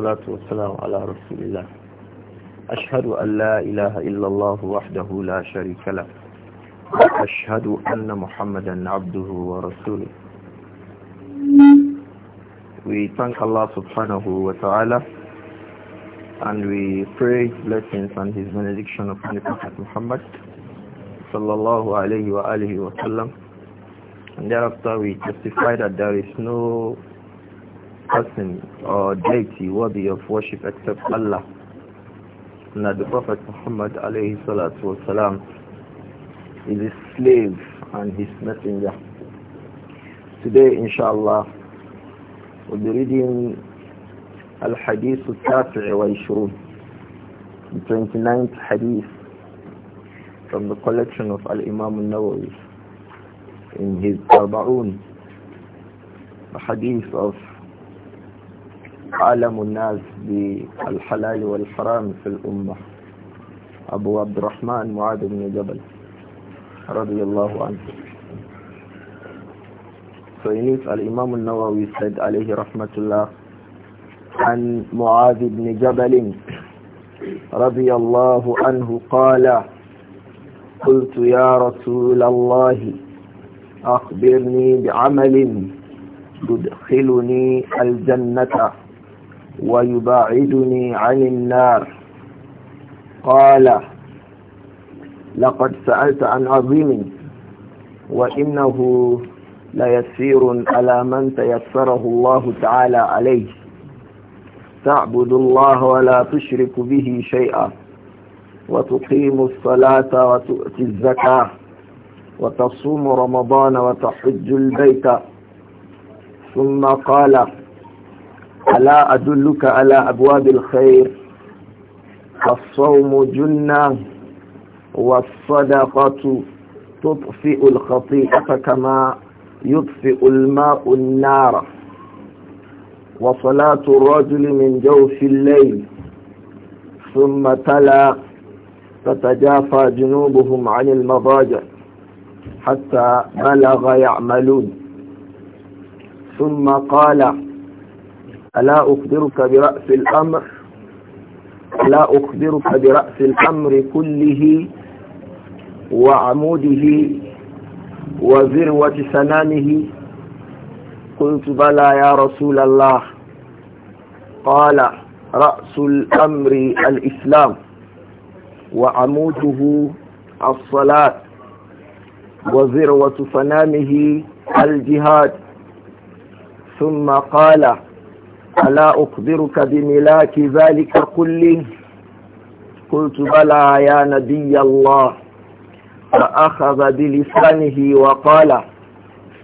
والصلاة والسلام على رسول الله أشهد أن لا إله إلا الله وحده لا شريك له أشهد أن محمدا عبده ورسوله We thank Allah subhanahu wa ta'ala and we pray blessings and his benediction upon the Prophet Muhammad sallallahu alayhi wa alihi wa sallam and thereafter we testify that there is no person or deity worthy of worship except Allah. And that the Prophet Muhammad alayhi salatu wasalam is his slave and his messenger. Today, inshallah, we'll be reading Al-Hadith Al-Tafi'i wa Ishrun, the 29th Hadith from the collection of Al-Imam Al-Nawawi in his Arba'un, the Hadith of أعلم الناس بالحلال والحرام في الأمة أبو عبد الرحمن معاذ بن جبل رضي الله عنه So الإمام النووي سيد عليه رحمة الله عن معاذ بن جبل رضي الله عنه قال قلت يا رسول الله أخبرني بعمل تدخلني الجنة ويباعدني عن النار قال لقد سألت عن عظيم وإنه ليسير على من تيسره الله تعالى عليه تعبد الله ولا تشرك به شيئا وتقيم الصلاة وتؤتي الزكاة وتصوم رمضان وتحج البيت ثم قال ألا أدلك على أبواب الخير فالصوم جنة والصدقة تطفئ الخطيئة كما يطفئ الماء النار وصلاة الرجل من جوف الليل ثم تلا تتجافى جنوبهم عن المضاجع حتى بلغ يعملون ثم قال ألا أخبرك برأس الأمر ألا أخبرك برأس الأمر كله وعموده وذروة سنانه قلت بلى يا رسول الله قال رأس الأمر الإسلام وعموده الصلاة وذروة سنانه الجهاد ثم قال ألا أخبرك بملاك ذلك كله قلت بلى يا نبي الله فأخذ بلسانه وقال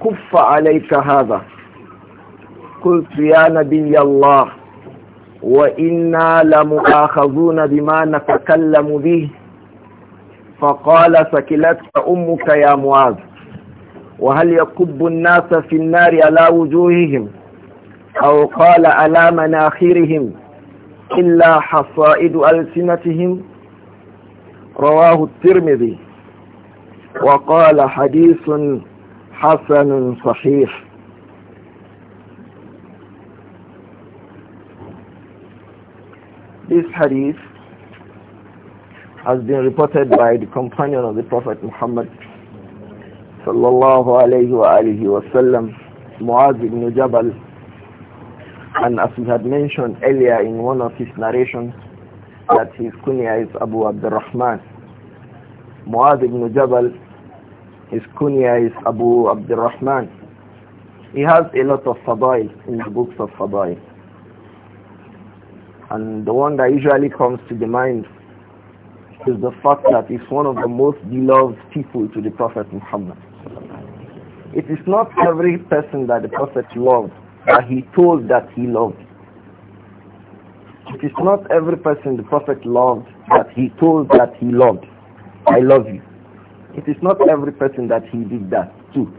كف عليك هذا قلت يا نبي الله وإنا لمؤاخذون بما نتكلم به فقال سكلتك أمك يا معاذ وهل يكب الناس في النار على وجوههم أو قال على مناخرهم إلا حصائد ألسنتهم رواه الترمذي وقال حديث حسن صحيح This hadith has been reported by the companion of the Prophet Muhammad sallallahu alayhi wa alihi wa sallam Muaz ibn Jabal And as we had mentioned earlier in one of his narrations, that his kunya is Abu Abdurrahman. Muad ibn Jabal, his kunya is Abu Abdurrahman. He has a lot of fadail in the books of fadail. And the one that usually comes to the mind is the fact that he's one of the most beloved people to the Prophet Muhammad. It is not every person that the Prophet loved that he told that he loved. It is not every person the Prophet loved that he told that he loved. I love you. It is not every person that he did that too.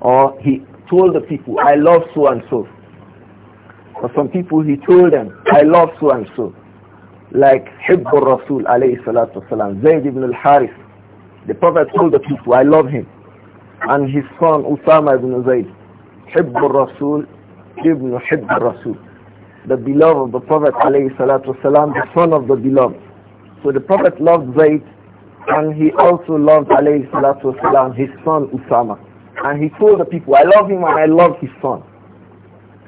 Or he told the people, I love so and so. For some people he told them, I love so and so. Like Hibbur Rasul alayhi salatu salam Zayd ibn al-Harith. The Prophet told the people, I love him. And his son Usama ibn Zayd, Hibbur Rasul Ibn Hibb Rasul, the beloved of the Prophet والسلام, the son of the beloved. So the Prophet loved Zayd and he also loved والسلام, his son Usama. And he told the people, I love him and I love his son,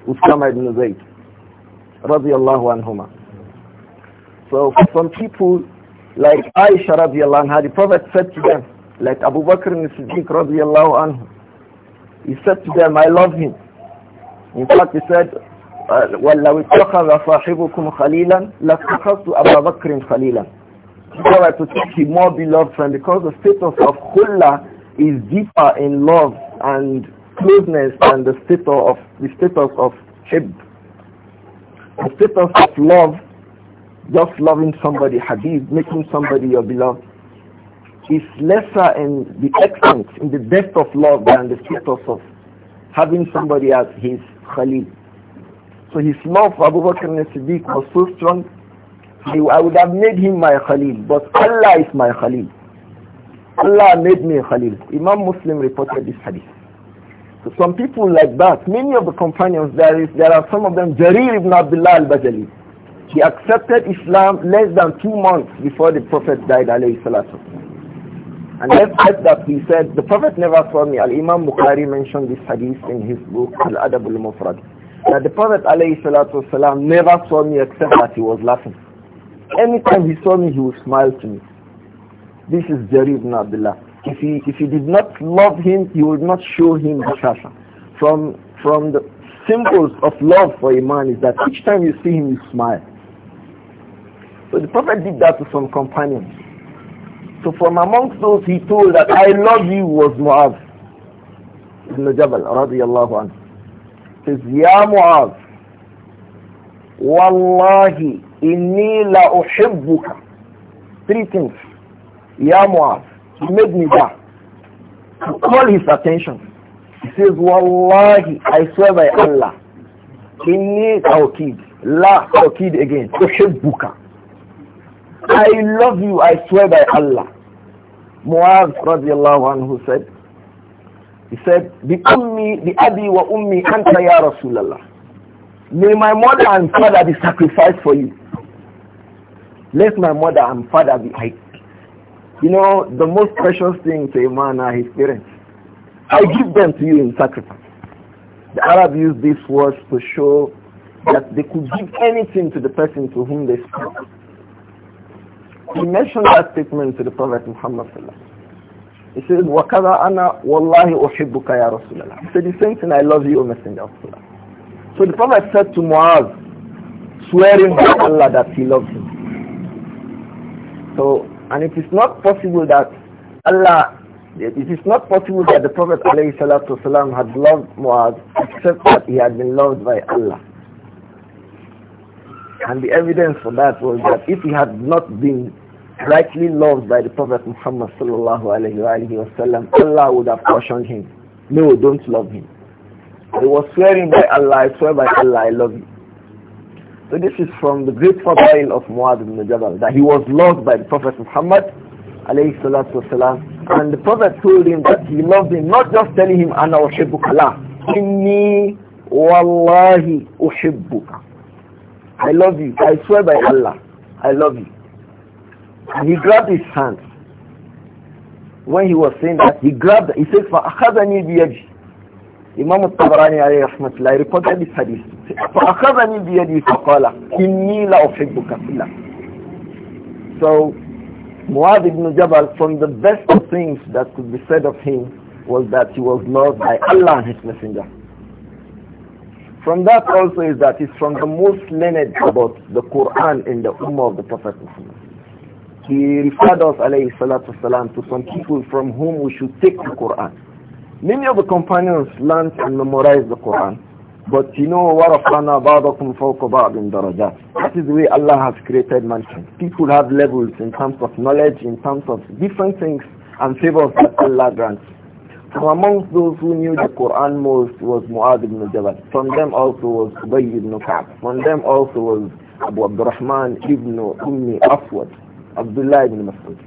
Usama ibn Zayd. Radiallahu anhuma. So for some people, like Aisha radiallahu anha, the Prophet said to them, like Abu Bakr and Siddiq radiallahu anhu, he said to them, I love him. In fact, he said, وَلَّوِ uh, اتَّخَذَ صَاحِبُكُمْ خَلِيلًا لَاتَّخَذْتُ أَبَا Bakr, Khalilan." So I to take him more beloved friend because the status of khulla is deeper in love and closeness than the status of the status of hib. The status of love, just loving somebody, hadith, making somebody your beloved, is lesser in the extent, in the depth of love than the status of having somebody as his Khalil. So his love for Abu Bakr al-Siddiq was so strong, I would have made him my Khalil, but Allah is my Khalil. Allah made me a Khalil. Imam Muslim reported this hadith. So some people like that, many of the companions, there, is, there are some of them, Jarir ibn Abdullah al-Bajali. He accepted Islam less than two months before the Prophet died, alayhi salatu and let's said that he said, the Prophet never saw me. Al-Imam Bukhari mentioned this hadith in his book, Al-Adab al-Mufrad. That the Prophet والسلام, never saw me except that he was laughing. Anytime he saw me, he would smile to me. This is Jari ibn Abdullah. If he, if he did not love him, he would not show him bashasha. From, from the symbols of love for a man is that each time you see him, you smile. So the Prophet did that to some companions. So from amongst those he told that I love you was Mu'az ibn Jabal radiallahu anhu. Says, Ya Mu'az, Wallahi inni la uhibbuka. Three things. Ya Mu'az, he made me that. To call his attention. He says, Wallahi, I swear by Allah, inni tawkid, la tawkid again, uhibbuka. I love you, I swear by Allah. Muaz radiallahu anhu said, he said, the ummi, the abi wa ummi anta ya Rasulallah. May my mother and father be sacrificed for you. Let my mother and father be I. You know, the most precious thing to a man are his parents. I give them to you in sacrifice. The Arab used these words to show that they could give anything to the person to whom they spoke. He mentioned that statement to the Prophet Muhammad He said, وَكَذَا أَنَا وَاللَّهِ أُحِبُّكَ يَا رَسُولَ اللَّهِ He said, the same thing, I love you, O Messenger of Allah. So the Prophet said to Muaz, swearing by Allah that he loves him. So, and it is not possible that Allah, it is not possible that the Prophet ﷺ had loved Muaz except that he had been loved by Allah. And the evidence for that was that if he had not been rightly loved by the Prophet Muhammad sallallahu alayhi wa Allah would have cautioned him. No, don't love him. He was swearing by Allah, I swear by Allah, I love you. So this is from the great profile of Muad ibn Jabal, that he was loved by the Prophet Muhammad alayhi salatu wasalam, and the Prophet told him that he loved him, not just telling him, أَنَا أُحِبُّكَ لَا إِنِّي وَاللَّهِ أُحِبُّكَ I love you. I swear by Allah, I love you. And he grabbed his hand. When he was saying that, he grabbed, he said, فَأَخَذَنِي بِيَدِي Imam al-Tabarani alayhi rahmatullah, he reported this hadith. فَأَخَذَنِي بِيَدِي فَقَالَ إِنِّي لَأُحِبُّكَ فِي اللَّهِ So, Muad ibn Jabal, from the best of things that could be said of him was that he was loved by Allah and his messenger. From that also is that it's from the most learned about the Quran in the Ummah of the Prophet Muhammad. He referred us, alayhi salatu salam, to some people from whom we should take the Quran. Many of the companions learned and memorized the Quran. But you know, وَرَفْعَنَا بَعْضَكُمْ فَوْقَ بَعْضٍ دَرَجَاتٍ That is the way Allah has created mankind. People have levels in terms of knowledge, in terms of different things and favors that Allah grants. From amongst those who knew the Quran most was Mu'adh ibn Jabal. From them also was Ubayy ibn Ka'b. From them also was Abu Rahman ibn Ummi Aswad, Abdullah ibn Mas'ud,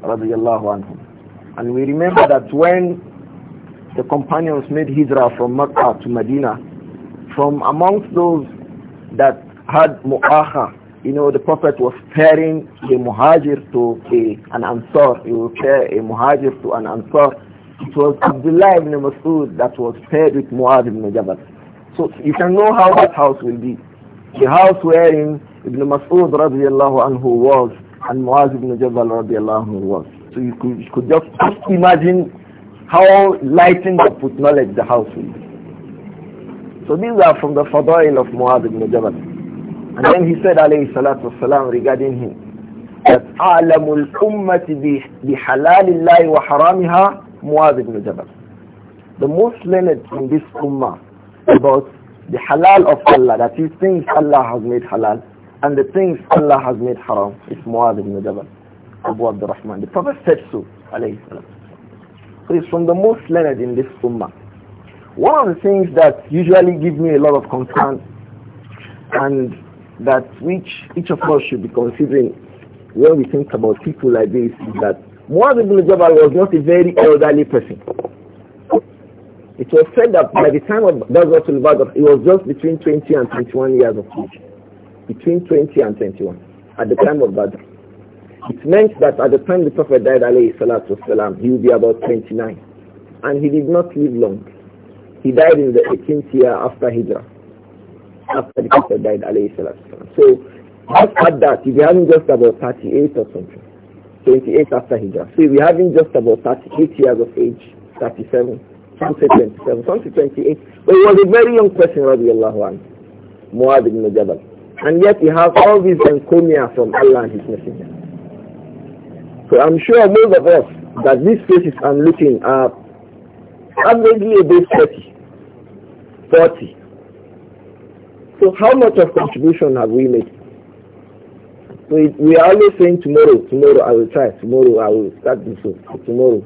radiyallahu anhum. And we remember that when the companions made hijrah from Makkah to Medina, from amongst those that had mu'aha, you know, the Prophet was pairing a muhajir to a, an ansar. He would pair a muhajir to an ansar it was Abdullah ibn Masud that was paired with Muad ibn Jabal. So you can know how that house will be. The house wherein Ibn Mas'ud radiallahu anhu was and Muaz ibn Jabal radiallahu anhu was. So you could, you could just imagine how lightened up with knowledge the house will be. So these are from the fadail of Muaz ibn Jabal. And then he said alayhi salatu wasalam regarding him that أعلم الأمة بحلال الله وحرامها Muaz ibn Jabal, the most learned in this ummah about the halal of Allah, that is things Allah has made halal, and the things Allah has made haram, is Muaz ibn Jabal, Abu Abdurrahman. The Prophet said so, alayhi salam. So he's from the most learned in this ummah. One of the things that usually give me a lot of concern and that which each of us should be considering when we think about people like this is that Muaz ibn Jabal was not a very elderly person. It was said that by the time of Ghazwatul Badr, he was just between 20 and 21 years of age. Between 20 and 21 at the time of Badr. It meant that at the time the Prophet died, alayhi salatu wasalam, he would be about 29. And he did not live long. He died in the 18th year after Hijrah. After the Prophet died, So, just at that, if you haven't just about 38 or something. 28 after Hijrah. See, we're having just about 38 years of age, 37, some say 27, some say 28. But he was a very young person, radiallahu anhu, Muad ibn Jabal. And yet he has all these encomiums from Allah and his messenger. So I'm sure most of us that these faces I'm looking are averagely about 30, 40. So how much of contribution have we made? So we are always saying tomorrow, tomorrow I will try, tomorrow I will start this one, tomorrow.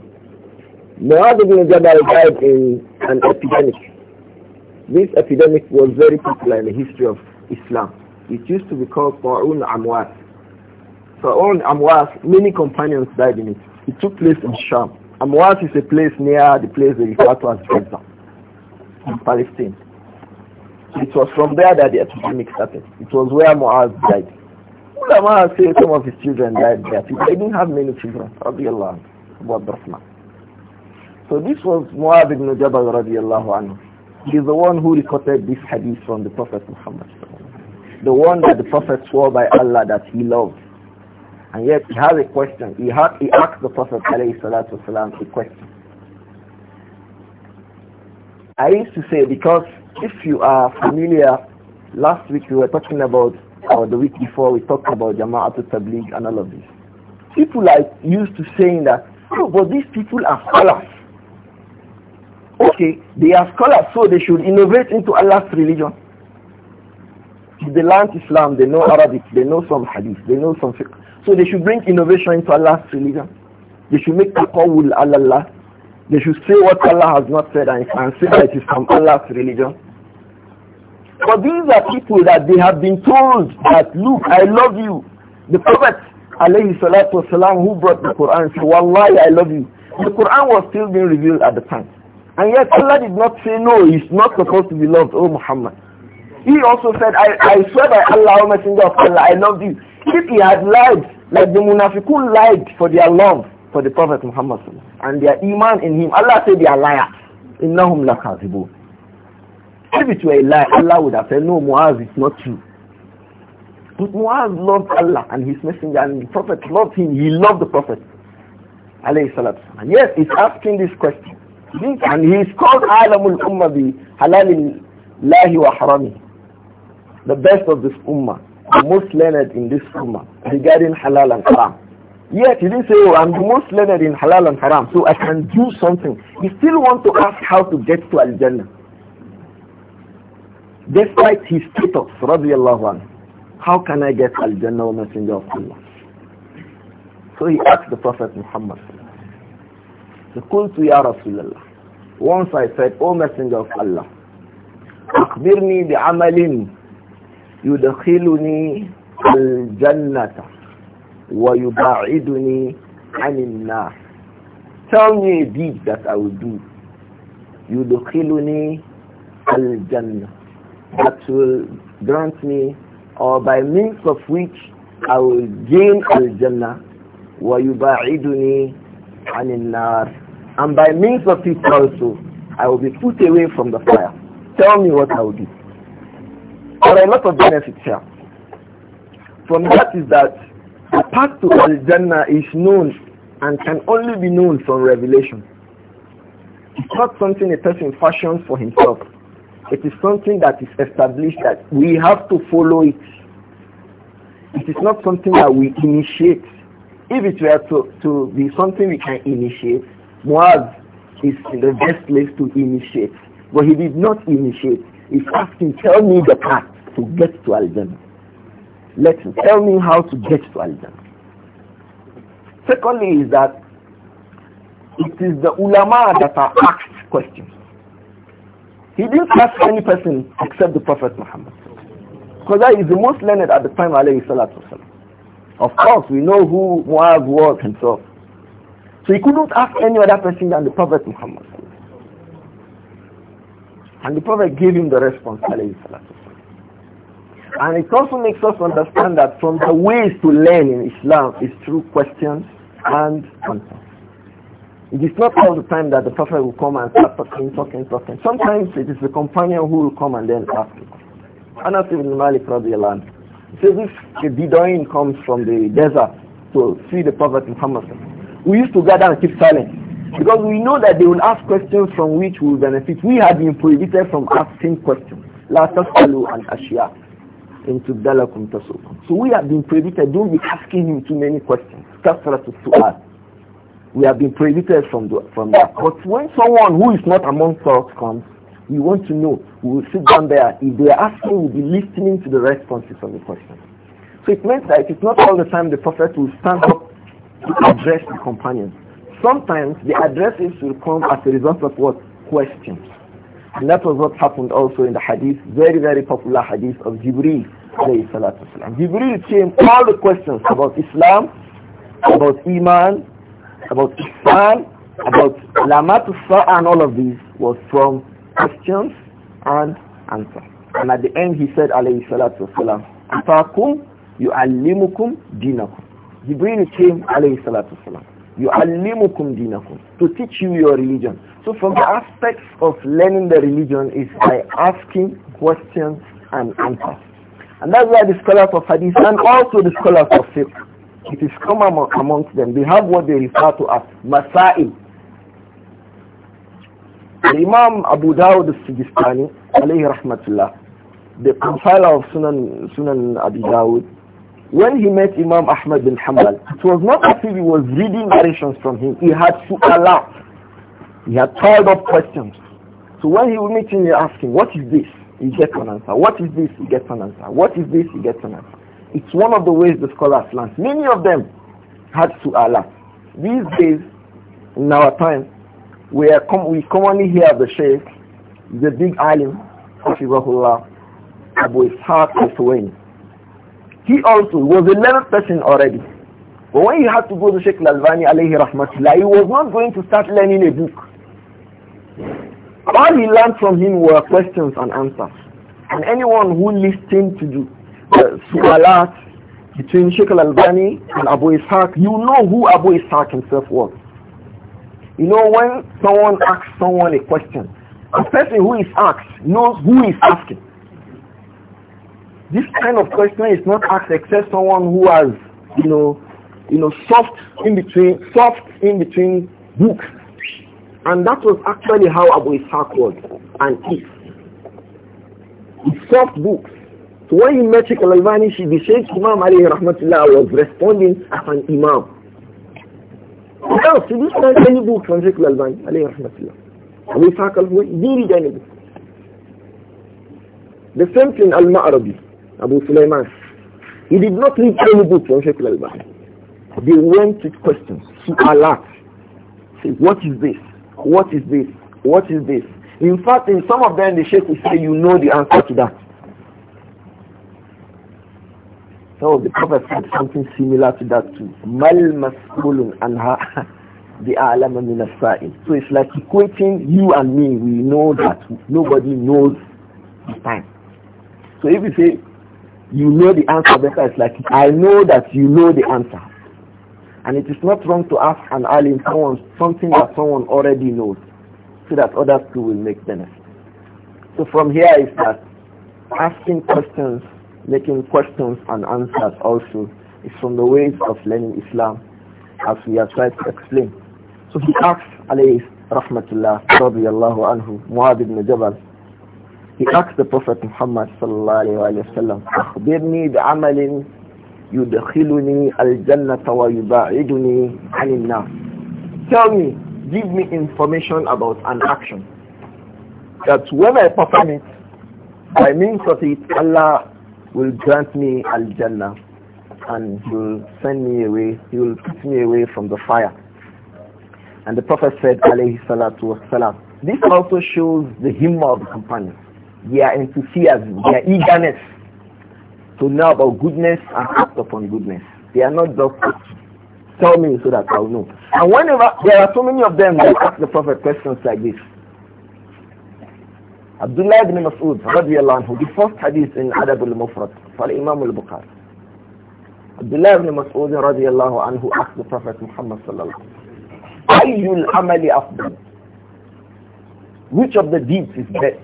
Muad bin Jabal died in an epidemic. This epidemic was very popular in the history of Islam. It used to be called Fa'un Amwas. Fa'un Amwas. many companions died in it. It took place in Sham. Amwas is a place near the place they refer to as Gaza in Palestine. It was from there that the epidemic started. It was where Muaz died. Ulama say some of his children died there. He didn't have many children, So this was Muad ibn Jabal radiallahu anhu. He is the one who recorded this hadith from the Prophet Muhammad. The one that the Prophet swore by Allah that he loved. And yet he has a question. He, had, he asked the Prophet والسلام, a question. I used to say because if you are familiar, last week we were talking about or the week before we talked about Jama'atul Tabligh and all of this. People are used to saying that, oh, but these people are scholars. Okay, they are scholars, so they should innovate into Allah's religion. If they learn Islam, they know Arabic, they know some hadith, they know some fiqh. So they should bring innovation into Allah's religion. They should make taqawul Allah. They should say what Allah has not said and, and say that it is from Allah's religion. But these are people that they have been told that, look, I love you. The Prophet, alayhi salatu wasalam, who brought the Quran, said, Wallahi, I love you. The Quran was still being revealed at the time. And yet Allah did not say, no, he's not supposed to be loved, oh Muhammad. He also said, I, I swear by Allah, O Messenger of Allah, I love you. If he had lied, like the munafiqun lied for their love for the Prophet Muhammad and their iman in him, Allah said they are liars. إِنَّهُمْ لَكَاذِبُونَ if it were a lie, Allah would have said, no, Muaz, it's not true. But Muaz loved Allah and his messenger and the Prophet loved him. He loved the Prophet. And yes, he's asking this question. And he's called Alamul Ummah bi Halalil Lahi wa Harami. The best of this Ummah. The most learned in this Ummah regarding Halal and Haram. Yet he didn't say, oh, I'm the most learned in Halal and Haram, so I can do something. He still wants to ask how to get to Al-Jannah despite his status, radiallahu anhu, how can I get Al-Jannah Messenger of Allah? So he asked the Prophet Muhammad, the يا ya Rasulullah. Once I said, O Messenger of Allah, أخبرني al يدخلني الجنة ويباعدني عن النار Tell me a deed that I will do. يدخلني الجنة that will grant me or by means of which I will gain al-jannah wa yubaiduni anin nar and by means of it also I will be put away from the fire. Tell me what I will do. There are a lot of benefits here. From that is that the path to Al-Jannah is known and can only be known from revelation. It's not something a person fashions for himself. It is something that is established that we have to follow it. It is not something that we initiate. If it were to, to be something we can initiate, Muaz is the best place to initiate. But he did not initiate. He's asking, tell me the path to get to Al-Jannah. Let me tell me how to get to Al-Jannah. Secondly is that it is the ulama that are asked questions. He didn't ask any person except the Prophet Muhammad. Because that is the most learned at the time, alayhi salatu Of course, we know who Muaz was himself. So he couldn't ask any other person than the Prophet Muhammad. And the Prophet gave him the response, alayhi salatu And it also makes us understand that from the ways to learn in Islam is through questions and answers. It is not all the time that the Prophet will come and start talking, talking, talking. Sometimes it is the companion who will come and then ask Anas ibn Malik radiallahu He says if a Bedouin comes from the desert to see the Prophet Muhammad, we used to gather and keep silent because we know that they will ask questions from which we will benefit. We have been prohibited from asking questions. La tasalu and ashya into dalakum tasukum. So we have been prohibited. Don't be asking him too many questions. Kasratu su'al. We have been prohibited from, the, from that. But when someone who is not amongst us comes, we want to know. We will sit down there. If they are asking, we'll be listening to the responses of the question. So it means that it's not all the time the prophet will stand up to address the companions. Sometimes the addresses will come as a result of what? Questions. And that was what happened also in the hadith, very, very popular hadith of Jibreel. Jibreel came all the questions about Islam, about Iman, about Islam, about Lamatul and all of these was from questions and answers. And at the end he said alayhi salatu wasalam, you yu'allimukum dinakum. Jibril came alayhi salatu wasalam. Yu'allimukum dinakum. To teach you your religion. So from the aspects of learning the religion is by asking questions and answers. And that's why the scholars of hadith and also the scholars of fiqh it is common amongst them. They have what they refer to as masail. Imam Abu Dawud al-Sijistani, alayhi rahmatullah, the compiler of Sunan, Sunan Abu Dawud, when he met Imam Ahmad bin Hanbal, it was not as if he was reading narrations from him. He had ask. He had piled up questions. So when he would meet him, he asked him, what is this? He gets an answer. What is this? He gets an answer. What is this? He gets an answer. It's one of the ways the scholars learn. Many of them had su'ala. These days, in our time, we, are com we commonly hear the sheikh, the big alim, Hafizahullah, Abu Ishaq al-Suwaini. He also was a learned person already. But when he had to go to Sheikh alayhi rahmatullah, he was not going to start learning a book. All he learned from him were questions and answers. And anyone who listened to you uh, Su'alat between Sheikh al-Albani and Abu Ishaq, you know who Abu Ishaq himself was. You know when someone asks someone a question, the person who is asked knows who is asking. This kind of question is not asked except someone who has, you know, you know, soft in between, soft in between books. And that was actually how Abu Ishaq was and is. Soft books. So when he met Sheikh Al-Albani, the Sheikh Imam Ali Rahmatullah was responding as an Imam. Now, so this man any book from Sheikh Al-Albani, Ali Rahmatullah. And we talk did he read any book. The same thing Al-Ma'arabi, Abu Sulaiman. He did not read any book from Sheikh Al-Albani. They went with questions to Allah. Say, what is this? What is this? What is this? In fact, in some of them, the Sheikh will say, you know the answer to that. So the Prophet said something similar to that too. Mal maskulun anha the alama min So it's like equating you and me. We know that nobody knows the time. So if you say you know the answer better, it's like I know that you know the answer. And it is not wrong to ask an alim someone something that someone already knows, so that others too will make benefit. So from here is that asking questions making questions and answers also is from the ways of learning Islam, as we have tried to explain. So he asked, alayhi rahmatullah, radiyallahu anhu, Muad ibn Jabal, he asked the Prophet Muhammad sallallahu alayhi wa sallam, أخبرني بعمل يدخلني الجنة ويباعدني عن النار. Tell me, give me information about an action that when I perform it, by means of it, Allah will grant me al-jannah and you will send me away, he will put me away from the fire. And the Prophet said, alayhi salatu wasalam, this also shows the himmah of the companions, their enthusiasm, their eagerness to know about goodness and act upon goodness. They are not just tell me so that I'll know. And whenever there are so many of them that ask the Prophet questions like this, Abdullah ibn Mas'ud radiallahu anhu, the first hadith in Adab al-Mufrad for Imam al-Bukhari. Abdullah ibn Mas'ud radiallahu anhu asked the Prophet Muhammad sallallahu alayhi wa sallam, Ayyul amali afdal? Which of the deeds is best?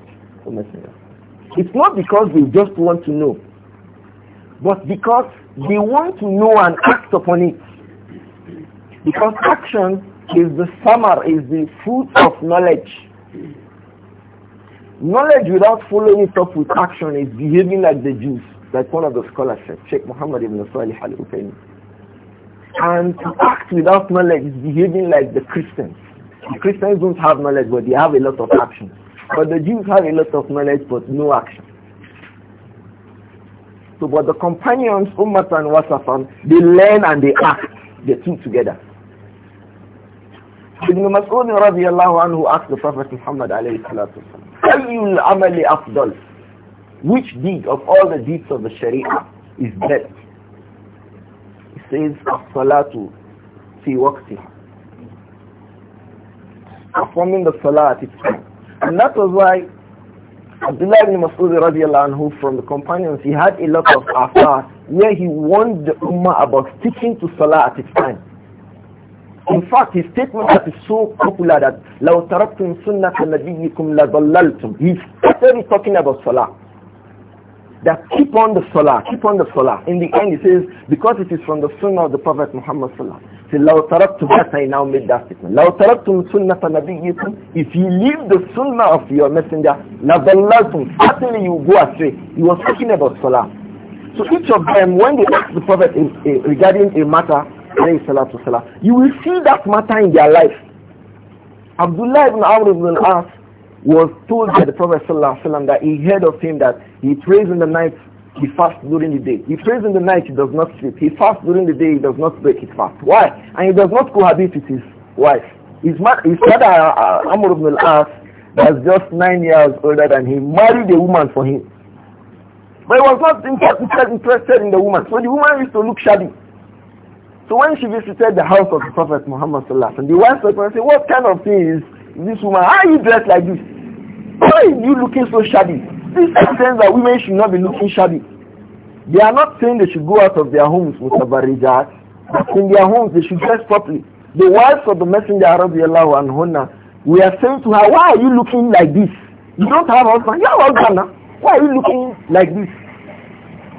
O Messenger. It's not because we just want to know, but because they want to know and act upon it. Because action is the summer, is the fruit of knowledge. Knowledge without following it up with action is behaving like the Jews, like one of the scholars said, Sheikh Muhammad ibn Salih al Utaymi. And to act without knowledge is behaving like the Christians. The Christians don't have knowledge, but they have a lot of action. But the Jews have a lot of knowledge, but no action. So, but the companions, Ummat and Wasafan, they learn and they act, the two together. Ibn Mas'ud radiallahu anhu asked the Prophet Muhammad alayhi salatu which deed of all the deeds of the Sharia is best? He says, "Salatu في Performing the salah at its time. And that was why Abdullah ibn Mas'ud radiallahu anhu from the companions, he had a lot of afar where he warned the ummah about sticking to salah at its time. In fact, his statement that is so popular that لَوْ تَرَكْتُمْ سُنَّةَ نَبِيِّكُمْ لَضَلَّلْتُم He's already talking about Salah. That keep on the Salah, keep on the Salah. In the end he says, because it is from the Sunnah of the Prophet Muhammad salah Alaihi Wasallam. لَوْ تَرَكْتُمْ That's I now made that statement. لَوْ تَرَكْتُمْ نَبِيِّكُمْ If you leave the Sunnah of your messenger, لَضَلَّلْتُمْ Certainly you go astray. He was talking about Salah. So each of them, when they asked the Prophet in, regarding a matter, you will see that matter in their life. Abdullah ibn Amr ibn al-As was told by the Prophet ﷺ that he heard of him that he prays in the night, he fasts during the day. He prays in the night, he does not sleep. He fasts during the day, he does not break his fast. Why? And he does not cohabit with his wife. His, ma- his father, uh, Amr ibn al-As, was just nine years older than him, married a woman for him. But he was not interested in the woman. So the woman used to look shabby. So when she visited the house of the Prophet Muhammad Sallallahu and the wife say, what kind of thing is this woman? How are you dressed like this? Why are you looking so shabby? This sense that women should not be looking shabby. They are not saying they should go out of their homes with a barijat. In their homes, they should dress properly. The wives of the Messenger radiallahu anhunna, we are saying to her, why are you looking like this? You don't have a husband. You have a husband now. Why are you looking like this?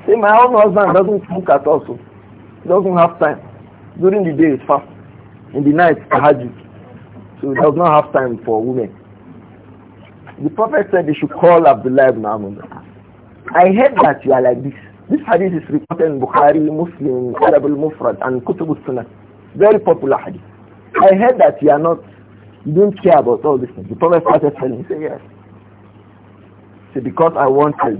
Say, my own husband doesn't look at all, he doesn't have time. During the day it's fast. In the night, tahajjud. So it does not have time for women. The Prophet said they should call the ibn Amr. I heard that you are like this. This hadith is reported in Bukhari, Muslim, Arab al-Mufrad and Kutub al-Sunnah. Very popular hadith. I heard that you are not, you don't care about all these things. The Prophet started telling me, say yes. Say because I want al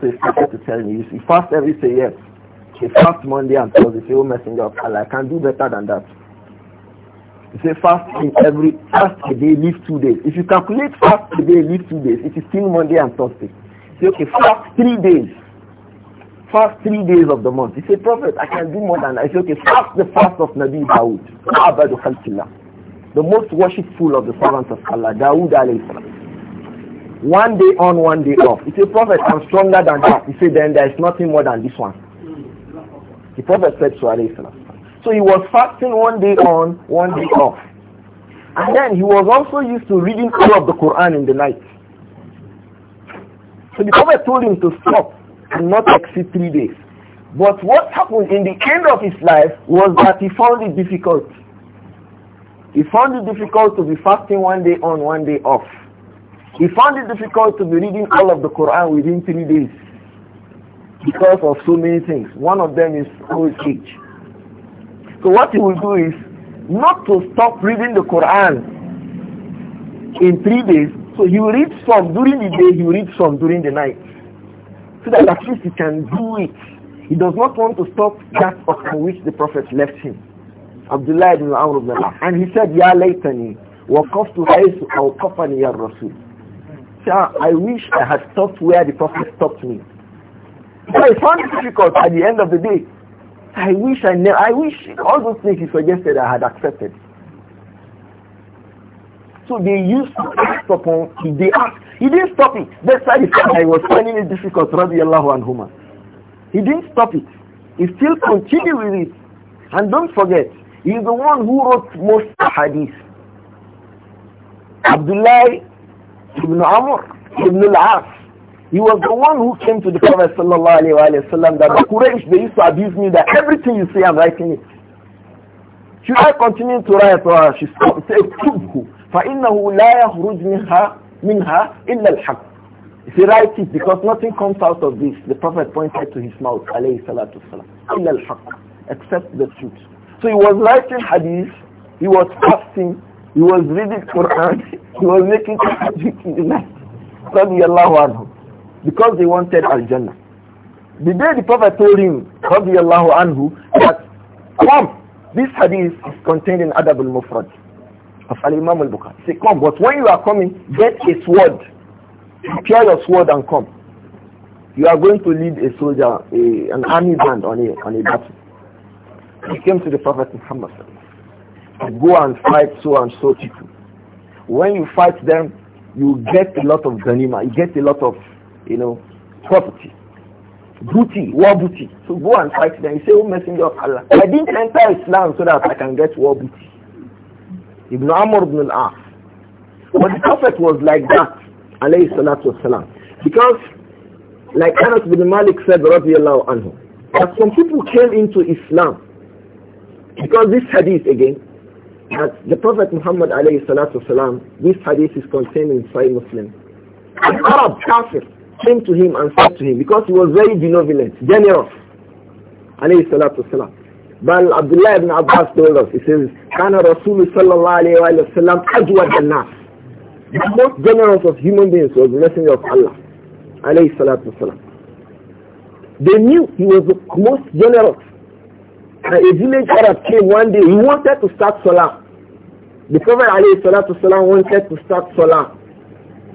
So he started to tell me, you fast every say yes. He fast Monday and Thursday. Say, oh messenger of Allah, I can do better than that. He say fast in every fast a day, leave two days. If you calculate fast a day, leave two days, it is still Monday and Thursday. Say okay, fast three days. Fast three days of the month. He a Prophet, I can do more than that. I say, okay, fast the fast of Nabi Dawood. The most worshipful of the servants of Allah, Dawood alayhi one day on, one day off. He a Prophet, I'm stronger than that. He say then there is nothing more than this one. The Prophet said to so, So he was fasting one day on, one day off. And then he was also used to reading all of the Quran in the night. So the Prophet told him to stop and not exceed three days. But what happened in the end of his life was that he found it difficult. He found it difficult to be fasting one day on, one day off. He found it difficult to be reading all of the Quran within three days because of so many things. One of them is old age. So what he will do is not to stop reading the Quran in three days. So will read some during the day, will read some during the night. So that at least he can do it. He does not want to stop that upon which the Prophet left him. Abdullah ibn Amr ibn Allah. And he said, Ya laytani, waqaftu haythu awqafani ya Rasul. So ah, I wish I had stopped where the Prophet stopped me. So I found it difficult at the end of the day. I wish I never, I wish all those things he suggested I had accepted. So they used to ask upon, they asked, he didn't stop it. That's why he said I was finding it difficult, radiallahu anhuma. He didn't stop it. He still continued with it. And don't forget, he is the one who wrote most hadith. Abdullah ibn Amr ibn al-As he was the one who came to the Prophet sallallahu alayhi that the Quraysh, they used to abuse me that everything you say, I'm writing it. Should I continue to write or she said, Tubhu, فَإِنَّهُ لَا يَخْرُجْ مِنْهَا, إِلَّا الْحَقِّ If you write it, because nothing comes out of this, the Prophet pointed to his mouth, alayhi salatu wasalam, إِلَّا الْحَقِّ Except the truth. So he was writing hadith, he was fasting, he was reading Quran, he was making hadith in the night. رضي الله عنه because they wanted Al-Jannah. The day the Prophet told him, Allahu anhu, that, come, this hadith is contained in Adab al-Mufrad of Al-Imam al-Bukhari. Say, come, but when you are coming, get a sword. Prepare your sword and come. You are going to lead a soldier, a, an army band on a, on a battle. He came to the Prophet Muhammad go and fight so and so people. When you fight them, you get a lot of ganima, you get a lot of you know, property. Booty, war booty. So go and fight them. You say, oh messenger of Allah. I didn't enter Islam so that I can get war booty. Ibn Amr ibn al-As. But the Prophet was like that, alayhi salatu wasalam. Because, like Anas bin Malik said, radiallahu anhu, that some people came into Islam because this hadith again, that the Prophet Muhammad alayhi salatu wasalam, this hadith is contained in Sahih Muslim. An Arab kafir came to him and said to him, because he was very benevolent, generous, alayhi salatu wasalam. But Abdullah ibn Abbas told us, he says, كان رسول صلى الله عليه وآله وسلم أجود الناس. The most generous of human beings was the messenger of Allah, alayhi salatu salam. They knew he was the most generous. And a village Arab came one day, he wanted to start Salah. The Prophet alayhi salatu salam wanted to start Salah.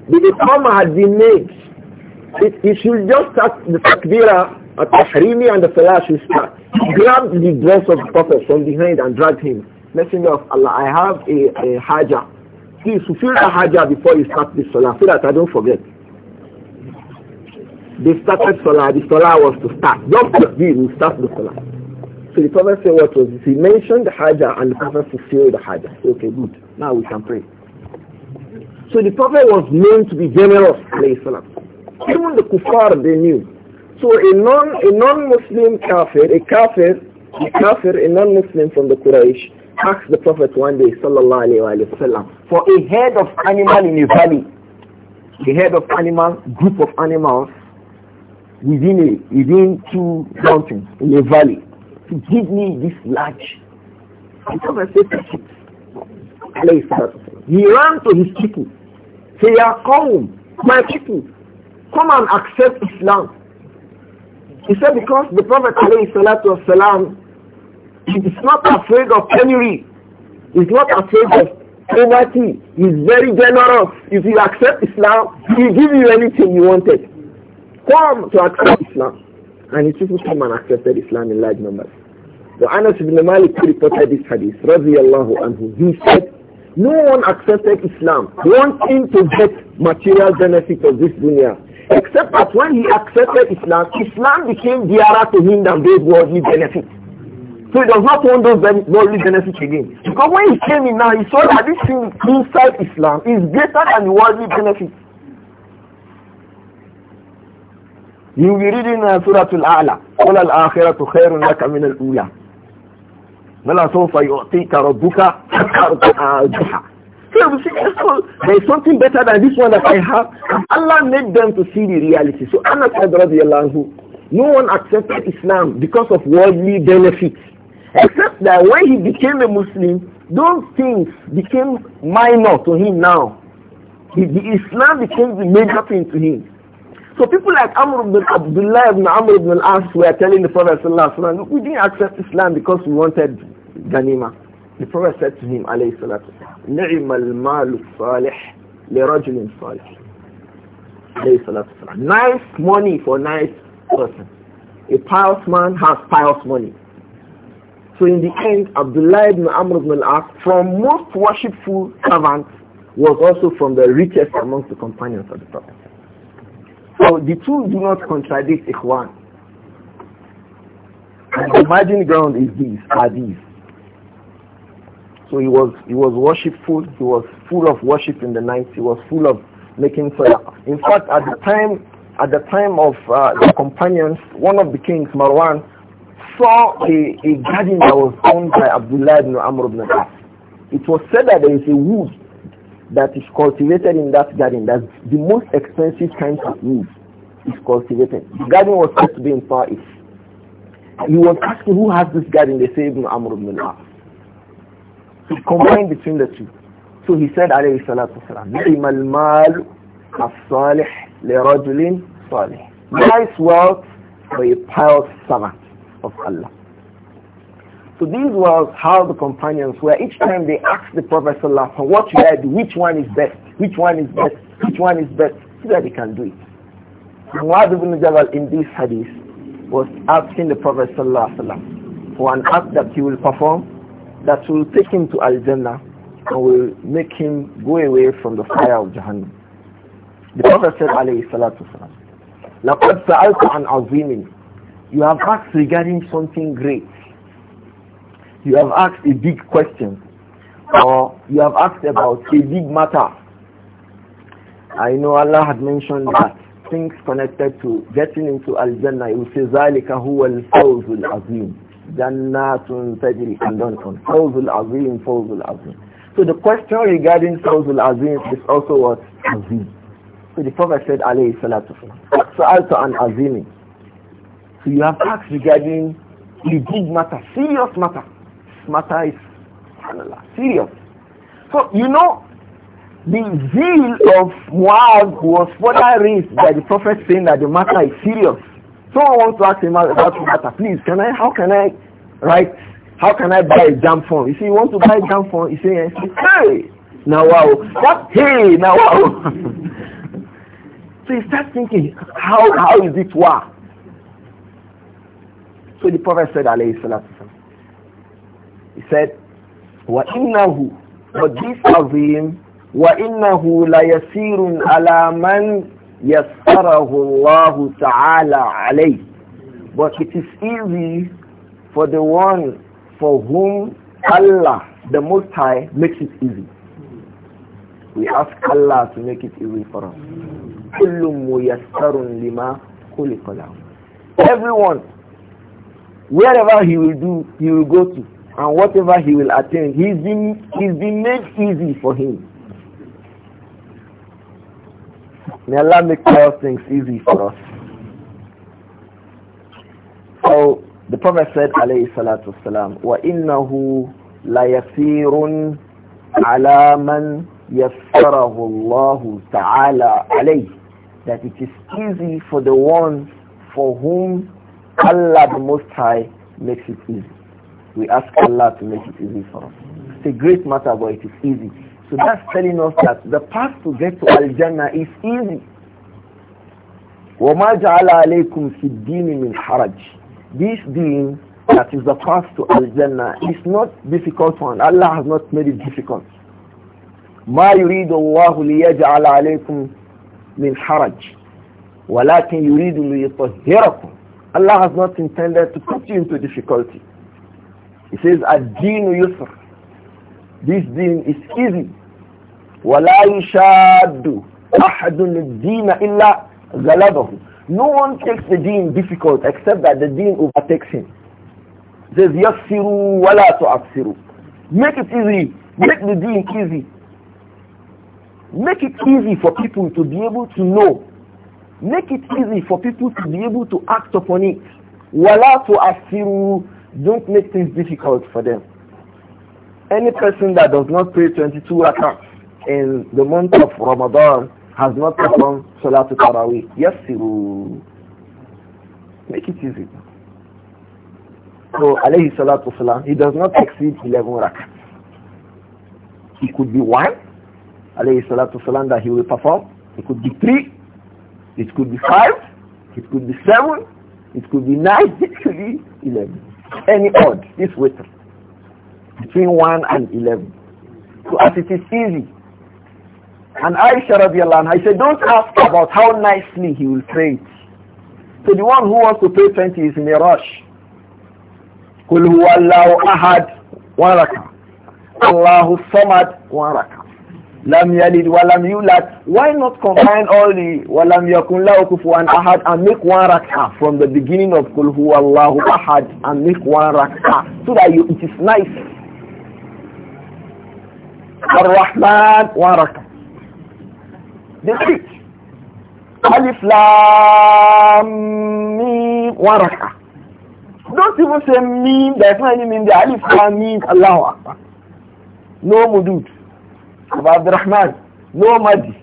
The Iqamah had been made. It, you should just start the takbirah at Tahrimi and the Salah should start. Grab the dress of the Prophet from behind and drag him. Messenger of Allah, I have a, a haja. Please fulfill the haja before you start the Salah so that I don't forget. They started Salah. The Salah was to start. Don't takbir will start the Salah. So the Prophet said what was this? He mentioned the haja and the Prophet fulfilled the haja. Okay, good. Now we can pray. So the Prophet was known to be generous, alayhi salam. Even the kuffar, they knew. So a non a non-Muslim kafir, a kafir, a kafir, a non-Muslim from the Quraysh, asked the Prophet one day, sallallahu alaihi wasallam, for a head of animal in a valley, a head of animal, group of animals within a, within two mountains in a valley, to give me this large. he ran to his chicken. Say, Ya Qawm, my people, Come and accept Islam. He said because the Prophet والسلام, is not afraid of penury. He's not afraid of poverty. He's very generous. If you accept Islam, he'll give you anything you wanted. Come to accept Islam. And his people came and accepted Islam in large numbers. The Anas ibn Malik reported this hadith, radiallahu anhu. He said, no one accepted Islam wanting to get material benefit of this dunya Except that when he accepted Islam, Islam became dearer to him than those worldly benefits. So he does not want those worldly benefits again. Because when he came in now, he saw that this thing inside Islam is greater than the worldly benefits. You will be reading uh, Surah Al-A'la. قُلَ الْآخِرَةُ خَيْرٌ لَكَ مِنَ الْأُولَى وَلَا سَوْفَ يُعْطِيكَ رَبُّكَ فَتَرْضَىٰ there is something better than this one that I have. Allah made them to see the reality. So Anas radiallahu, no one accepted Islam because of worldly benefits. Except that when he became a Muslim, those things became minor to him now. The, the Islam became the major thing to him. So people like Amr ibn Abdullah ibn Amr ibn al-As were telling the Prophet sallallahu alaihi wasallam, we didn't accept Islam because we wanted Ghanima. The Prophet said to him, alayhi salatu, نعم المال الصالح لرجل صالح. Alayhi salatu Nice money for nice person. A pious man has pious money. So in the end, Abdullah ibn Amr ibn al-As, from most worshipful servants, was also from the richest amongst the companions of the Prophet. So the two do not contradict Ikhwan. And the margin ground is these, are these. So he was he was worshipful. He was full of worship in the night. He was full of making prayer. In fact, at the time at the time of uh, the companions, one of the kings, Marwan, saw a, a garden that was owned by Abdullah ibn Amr ibn As. It was said that there is a wood that is cultivated in that garden. That's the most expensive kind of wood is cultivated. The garden was said to be in Far East. He was asking who has this garden. They say Ibn Amr ibn As. To combine between the two. So he said alayhi salatu wasalam, Ni'mal mal as-salih li salih. Nice wealth for a pious servant of Allah. So these was how the companions were. Each time they asked the Prophet Sallallahu what should I do? Which one is best? Which one is best? Which one is best? So that they can do it. Muad ibn Jabal in this hadith was asking the Prophet Sallallahu for an act that he will perform that will take him to Al-Jannah and will make him go away from the fire of Jahannam. The Prophet said, alayhi salatu wasalam, لَقَدْ Al Quran عَظِيمٍ You have asked regarding something great. You have asked a big question. Or you have asked about a big matter. I know Allah had mentioned that things connected to getting into Al-Jannah, it will say, ذَلِكَ هُوَ الْفَوْزُ الْعَظِيمُ Jannatun Tajri and on on. Fawzul Azim, Fawzul Azim. So the question regarding Fawzul Azim is also what? Azim. So the Prophet said, alayhi salatu also an azimi. So you have asked regarding the big matter, serious matter. This matter is serious. So you know, the zeal of Muaz was further raised by the Prophet saying that the matter is serious. Someone wants to ask him about matter. Please, can I? How can I write? How can I buy a jam phone? You see, you want to buy a jam phone? You say, hey, now wow, what? Hey, now wow. so he start thinking, how how is it wow? So the Prophet said, alayhi salatu He said, wa innahu, but this azim, wa innahu la yasirun ala man يَسَّرَهُ Allah Taala عَلَيْهِ But it is easy for the one for whom Allah, the Most High, makes it easy. We ask Allah to make it easy for us. كُلٌّ مُيَسَّرٌ lima, خُلِقَ لَهُ Everyone, wherever he will do, he will go to. And whatever he will attain, he's been, he's been made easy for him. May Allah make all things easy for us. So the Prophet said, alayhi salatu wasalam, وَإِنَّهُ لَيَسِيرٌ عَلَى man يَسَّرَهُ Allah taala عَلَيْهِ That it is easy for the one for whom Allah the Most High makes it easy. We ask Allah to make it easy for us. It's a great matter, but it is easy. So that's telling us that the path to get to Al-Jannah is easy. وَمَا جَعَلَ عَلَيْكُمْ فِي الدِّينِ مِنْ حَرَجٍ This deen that is the path to Al-Jannah is not difficult one. Allah has not made it difficult. مَا يُرِيدُ اللَّهُ لِيَجْعَلَ عَلَيْكُمْ مِنْ حَرَجٍ وَلَكِنْ يُرِيدُ لِيَطَهِّرَكُمْ Allah has not intended to put you into difficulty. He says, الدين يسر this deen is easy. وَلَا يُشَادُ أَحَدٌ الدِّينَ illa غَلَبَهُ No one takes the deen difficult except that the deen overtakes him. Says يَسِّرُوا وَلَا تُعَسِّرُوا Make it easy. Make the deen easy. Make it easy for people to be able to know. Make it easy for people to be able to act upon it. وَلَا تُعَسِّرُوا Don't make things difficult for them. Any person that does not pray 22 rak'ah in the month of Ramadan has not performed Salatul Tarawih. Yes, you make it easy. So, alayhi salatu salam, he does not exceed 11 rak'ah. He could be one, alayhi salatu salam, that he will perform. It could be three. It could be five. It could be seven. It could be nine. It could be 11. Any odd, this witr between 1 and 11. So as it is easy. And Aisha radiallahu anha, I said, don't ask about how nicely he will pray it. So the one who wants to pray 20 is in a rush. Kul huwallahu ahad, one rakah. Allahu samad, one rakah. Lam yalid wa lam Why not combine all the wa lam yakun ahad and make one rak'ah from the beginning of kulhu allah ahad and make one rak'ah so that you, it is nice Ar-Rahman, one rak'ah. They speak. Alif Lam Mim, Don't even say Mim, there's no any in the Alif Lam Mim, Allahu No Mudud. Abu rahman. no Mahdi.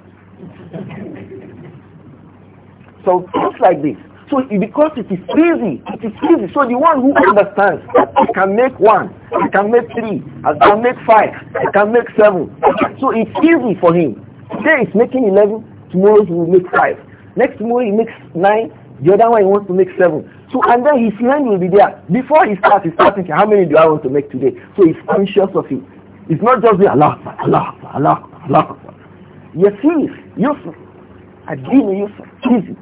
so things like this. So because it is easy, it is easy. So the one who understands he can make one, he can make three, he can make five, he can make seven. So it's easy for him. Today he's making 11, tomorrow he will make five. Next tomorrow he makes nine, the other one he wants to make seven. So and then his mind will be there. Before he starts, he's starting how many do I want to make today? So he's conscious of it. It's not just the Allah, Allah, Allah, Allah. Yes, he is. Yusuf. Adin Yusuf. Easy.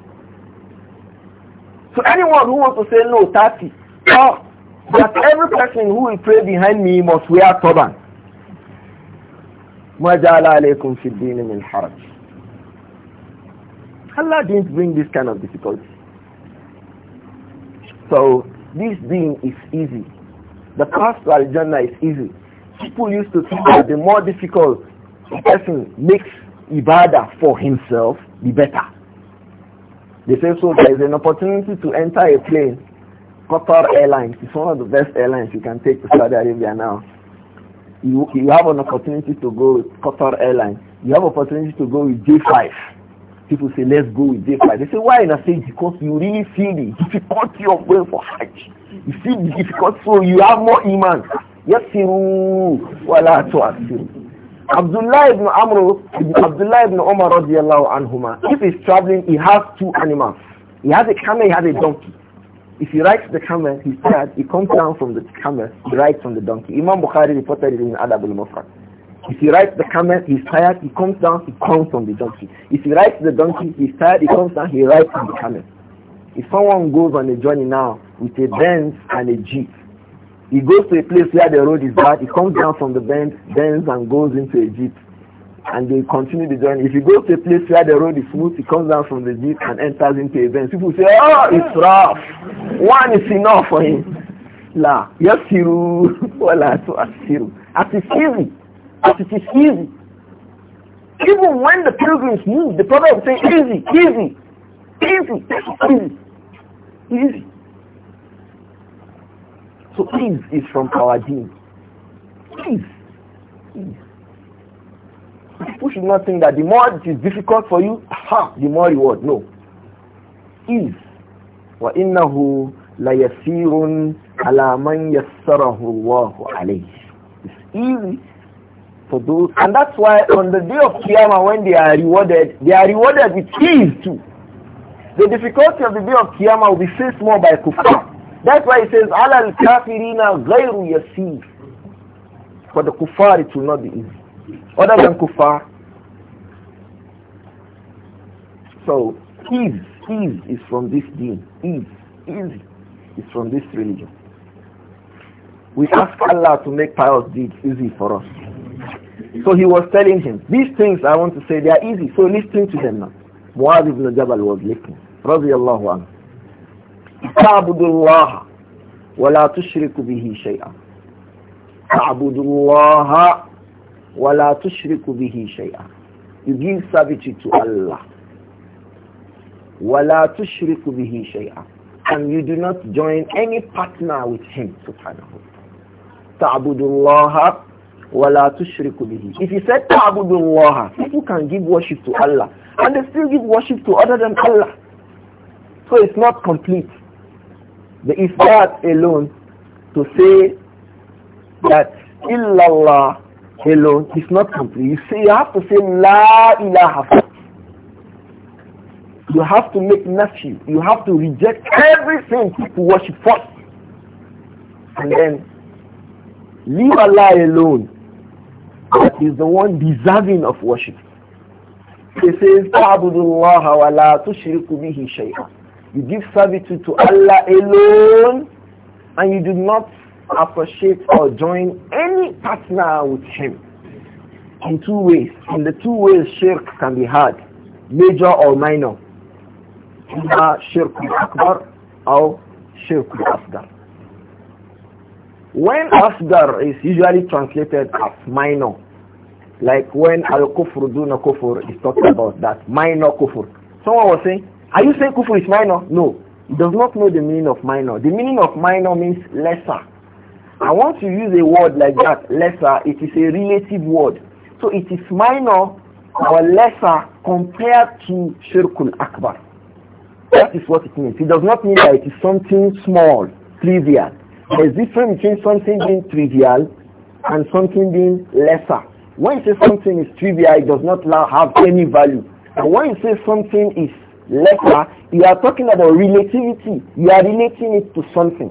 So anyone who wants to say no, 30, oh, but every person who will pray behind me must wear turban. Allah didn't bring this kind of difficulty. So this being is easy. The path to Al-Jannah is easy. People used to think that the more difficult a person makes ibadah for himself, the better. They say, so there is an opportunity to enter a plane. Qatar Airlines is one of the best airlines you can take to Saudi Arabia now. You, you have an opportunity to go with Qatar Airlines. You have opportunity to go with J5. People say, let's go with J5. They say, why? And I say, because you really feel the difficulty of going for Hajj. You feel the difficulty, so you have more iman. Yes, you. Wala to Abdullah ibn Amr, Abdullah ibn Umar radiallahu anhuma, if he's traveling, he has two animals. He has a camel, he has a donkey. If he rides the camel, he's tired, he comes down from the camel, he rides on the donkey. Imam Bukhari reported it in Adab al-Mufrad. If he rides the camel, he's tired, he comes down, he comes on the donkey. If he rides the donkey, he's tired, he comes down, he rides on the camel. If someone goes on a journey now with a benz and a jeep, he goes to a place where the road is bad. He comes down from the bend, bends and goes into a jeep. And they continue the journey. If he goes to a place where the road is smooth, he comes down from the jeep and enters into a bend. People say, oh, it's rough. One is enough for him. La, yasiru, wala to asiru. As it's easy, as it is easy. Even when the pilgrims move, the Prophet will say, easy, easy, easy, easy, easy. So please is from our deen. Please. Please. People should not think that the more it is difficult for you, aha, the more reward. No. Ease. وَإِنَّهُ لَيَسِيرٌ عَلَى مَنْ يَسَّرَهُ اللَّهُ عَلَيْهِ It's easy for those. And that's why on the day of Qiyamah when they are rewarded, they are rewarded with ease too. The difficulty of the day of Qiyamah will be faced more by kuffar that's why it says, Alal kafirina ghayru yasir. For the kuffar, it will not be easy. Other than kuffar. So, ease, ease is from this deen. Ease, ease is from this religion. We ask Allah to make pious deeds easy for us. So he was telling him, these things I want to say, they are easy, so listen to them now. Muaz ibn Jabal was listening. الله عنه تعبد الله ولا تشرك به شيئا تعبد الله ولا تشرك به شيئا You give servitude to Allah ولا تشرك به شيئا and you do not join any partner with him subhanahu تعبد الله ولا تشرك به If you said Ta'budu Allah, people can give worship to Allah and they still give worship to other than Allah so it's not complete the isbat alone to say that illallah alone is not complete. You see, you have to say la ilaha. You have to make nephew. You have to reject everything people worship false, And then leave Allah alone. That is the one deserving of worship. He says, تَعْبُدُ اللَّهَ وَلَا تُشْرِكُ bihi Shay'a. You give servitude to Allah alone and you do not appreciate or join any partner with him. In two ways. In the two ways shirk can be had, major or minor. إما شرك أكبر أو شرك Asgar. When asgar is usually translated as minor, like when al-kufr duna kufr is talking about that, minor kufr. Someone was saying, are you saying kufu is minor? No. He does not know the meaning of minor. The meaning of minor means lesser. And once you use a word like that, lesser, it is a relative word. So it is minor or lesser compared to shirkul akbar. That is what it means. It does not mean that it is something small, trivial. There is difference between something being trivial and something being lesser. When you say something is trivial, it does not have any value. And when you say something is Lesser, you are talking about relativity. You are relating it to something.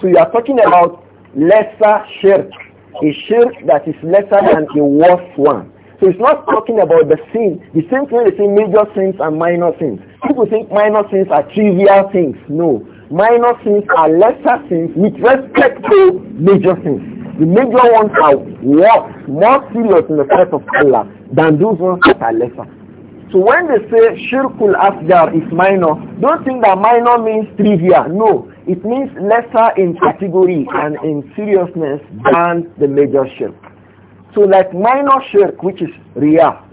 So you are talking about lesser shirk, a shirk that is lesser than a worse one. So it's not talking about the sin. The same way they say major sins and minor sins. People think minor sins are trivial things. No. Minor sins are lesser sins with respect to major sins. The major ones are worse, more serious in the sight of Allah than those ones that are lesser. So when they say shirkul asgar is minor, don't think that minor means trivial. No, it means lesser in category and in seriousness than the major shirk. So like minor shirk, which is riyah,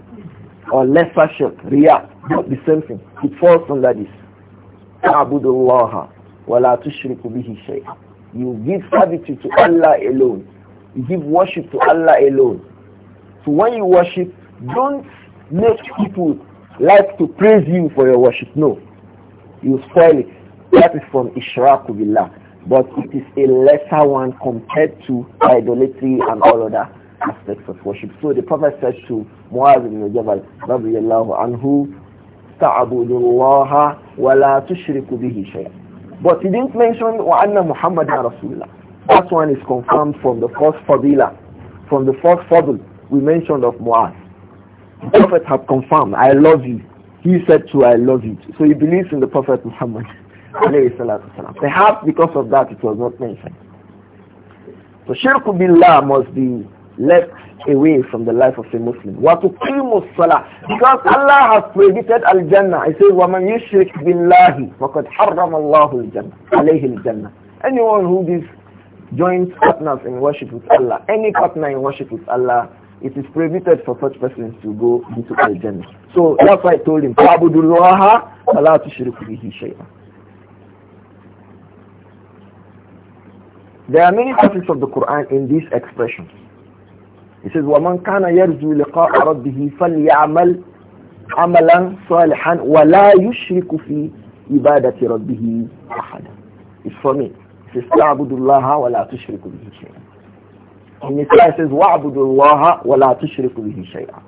or lesser shirk, riyah, not the same thing. It falls under this. Ta'budullaha wa la tushriku bihi You give servitude to Allah alone. You give worship to Allah alone. So when you worship, don't make people like to praise you for your worship. No. You spoil it. That is from Ishraku Billah. But it is a lesser one compared to idolatry and all other aspects of worship. So the Prophet said to Muaz ibn Jabal, and who تَعْبُدُ wa la تُشْرِكُ bihi shay." But he didn't mention wa Muhammad مُحَمَّدًا رَسُولًا That one is confirmed from the first fadila, from the first fadl we mentioned of Muaz. The Prophet had confirmed, I love you. He said to, I love you. So he believes in the Prophet Muhammad. Perhaps because of that it was not mentioned. So shirk billah must be left away from the life of a Muslim. وَتُقِيمُ الصَّلَاةِ Because Allah has prohibited al-Jannah. He says, وَمَنْ يُشْرِكْ haram Allah al jannah. Alayhi al jannah. Anyone who gives joins partners in worship with Allah, any partner in worship with Allah, it is prohibited for such persons to go into al jinn. So that's why I told him, فَعْبُدُ اللَّهَ وَلَا تُشْرِكُ بِهِ شَيْئًا There are many passages of the Quran in these expressions. He says, وَمَنْ كَانَ يَرْجُو لِقَاءَ رَبِّهِ فَلْيَعْمَلْ عَمَلًا صَالِحًا وَلَا يُشْرِكُ فِي إِبَادَةِ رَبِّهِ أَحَدًا It's for me. It says, تَعْبُدُ اللَّهَ وَلَا تُشْرِكُ بِهِ شَيْئًا and Islam it says, وَعْبُدُ اللَّهَ وَلَا تُشْرِكُ بِهِ شَيْئًا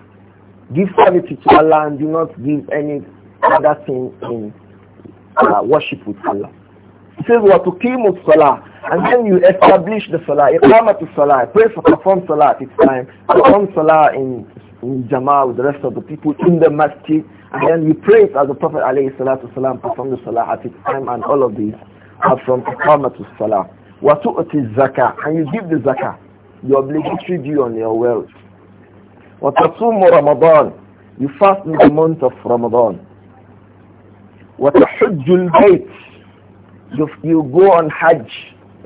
Give servitude to Allah and do not give any other thing in uh, worship with Allah. He says, وَتُقِيمُ الصَّلَاةِ And then you establish the salah, iqamatu salah, pray for perform salah at its time, perform salah in, in jama'ah with the rest of the people in the masjid, and then you pray it as the Prophet alayhi salatu salam perform the salah at its time and all of these are from iqamatu salah. وَتُؤْتِ الزَّكَاةِ And you give the zakah the obligatory due on your wealth. وتصوم Ramadan, you fast in the month of Ramadan. وتحج البيت you, you go on Hajj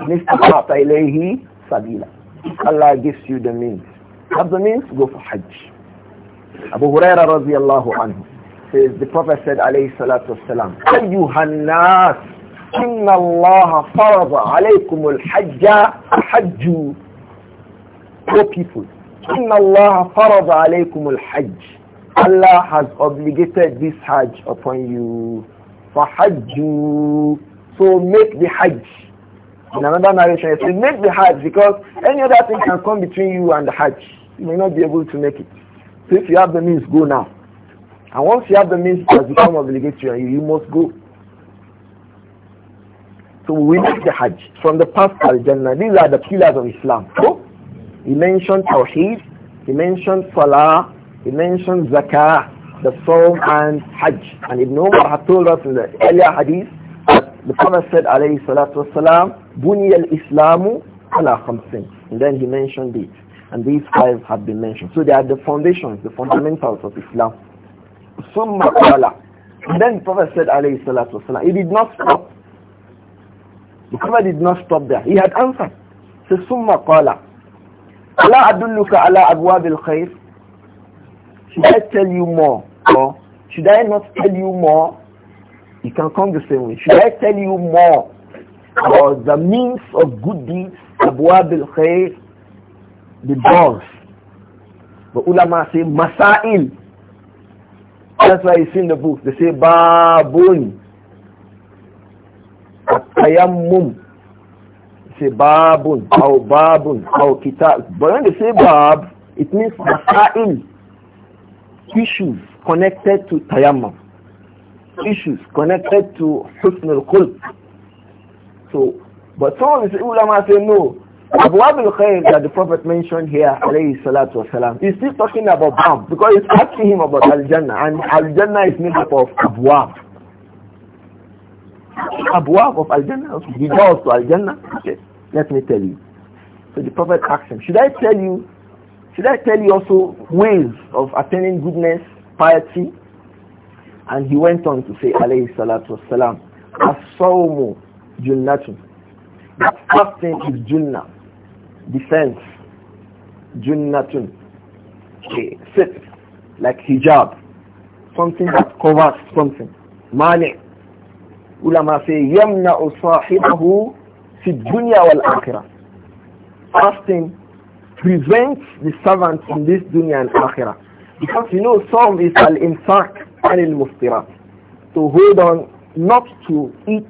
إن استطعت إليه سبيلا Allah gives you the means have the means go for Hajj Abu Huraira رضي الله عنه says the Prophet said عليه الصلاة والسلام أيها الناس إن الله فرض عليكم الحج حجوا poor people. Inna Allah farada alaykum al-hajj. Allah has obligated this hajj upon you. فَحَجُّ So make the hajj. In another narration, it says make the hajj because any other thing can come between you and the hajj. You may not be able to make it. So if you have the means, go now. And once you have the means, it has become obligatory and you, you must go. So we make the hajj from the past al-Jannah. These are the pillars of Islam. So he mentioned Tawheed, he mentioned Salah, he mentioned Zakah, the soul, and Hajj. And Ibn Umar had told us in the earlier hadith that the Prophet said alayhi salatu wasalam, Buni al-Islamu ala khamsin. And then he mentioned it. And these five have been mentioned. So they are the foundations, the fundamentals of Islam. Summa qala. And then the Prophet said alayhi salatu wasalam, he did not stop. The Prophet did not stop there. He had answered. So summa qala. Allah adulluka ala abwabil khair. Should I tell you more? Or should I not tell you more? You can come the same way. Should I tell you more about the means of good deeds, abwabil khair, the doors? The ulama say masail. That's why it's in the book. They say babun, tayammum, say babun or babun or kitab. But when they say bab, it means masail, issues connected to tayammum, issues connected to husn al So, but some of the ulama say no. Abu al-Khair that the Prophet mentioned here, alayhi salatu wasalam, he's still talking about Bab because it's asking him about Al-Jannah and Al-Jannah is made up of Abwab. Abwab of Al-Jannah, the doors to Al-Jannah. Okay, let me tell you. So the Prophet asked him, should I tell you, should I tell you also ways of attaining goodness, piety? And he went on to say, alayhi salatu wassalam, as-sawmu junnatun. That fasting is junnah, defense, junnatun, okay, sit, like hijab, something that covers something, mani, Ulama say, يَمْنَعُ صَاحِبَهُ فِي الدُّنْيَا وَالْآخِرَةِ Fasting prevents the servant in this dunya and akhirah. Because you know, some is al-infaq and al-muftirat. To hold on not to eat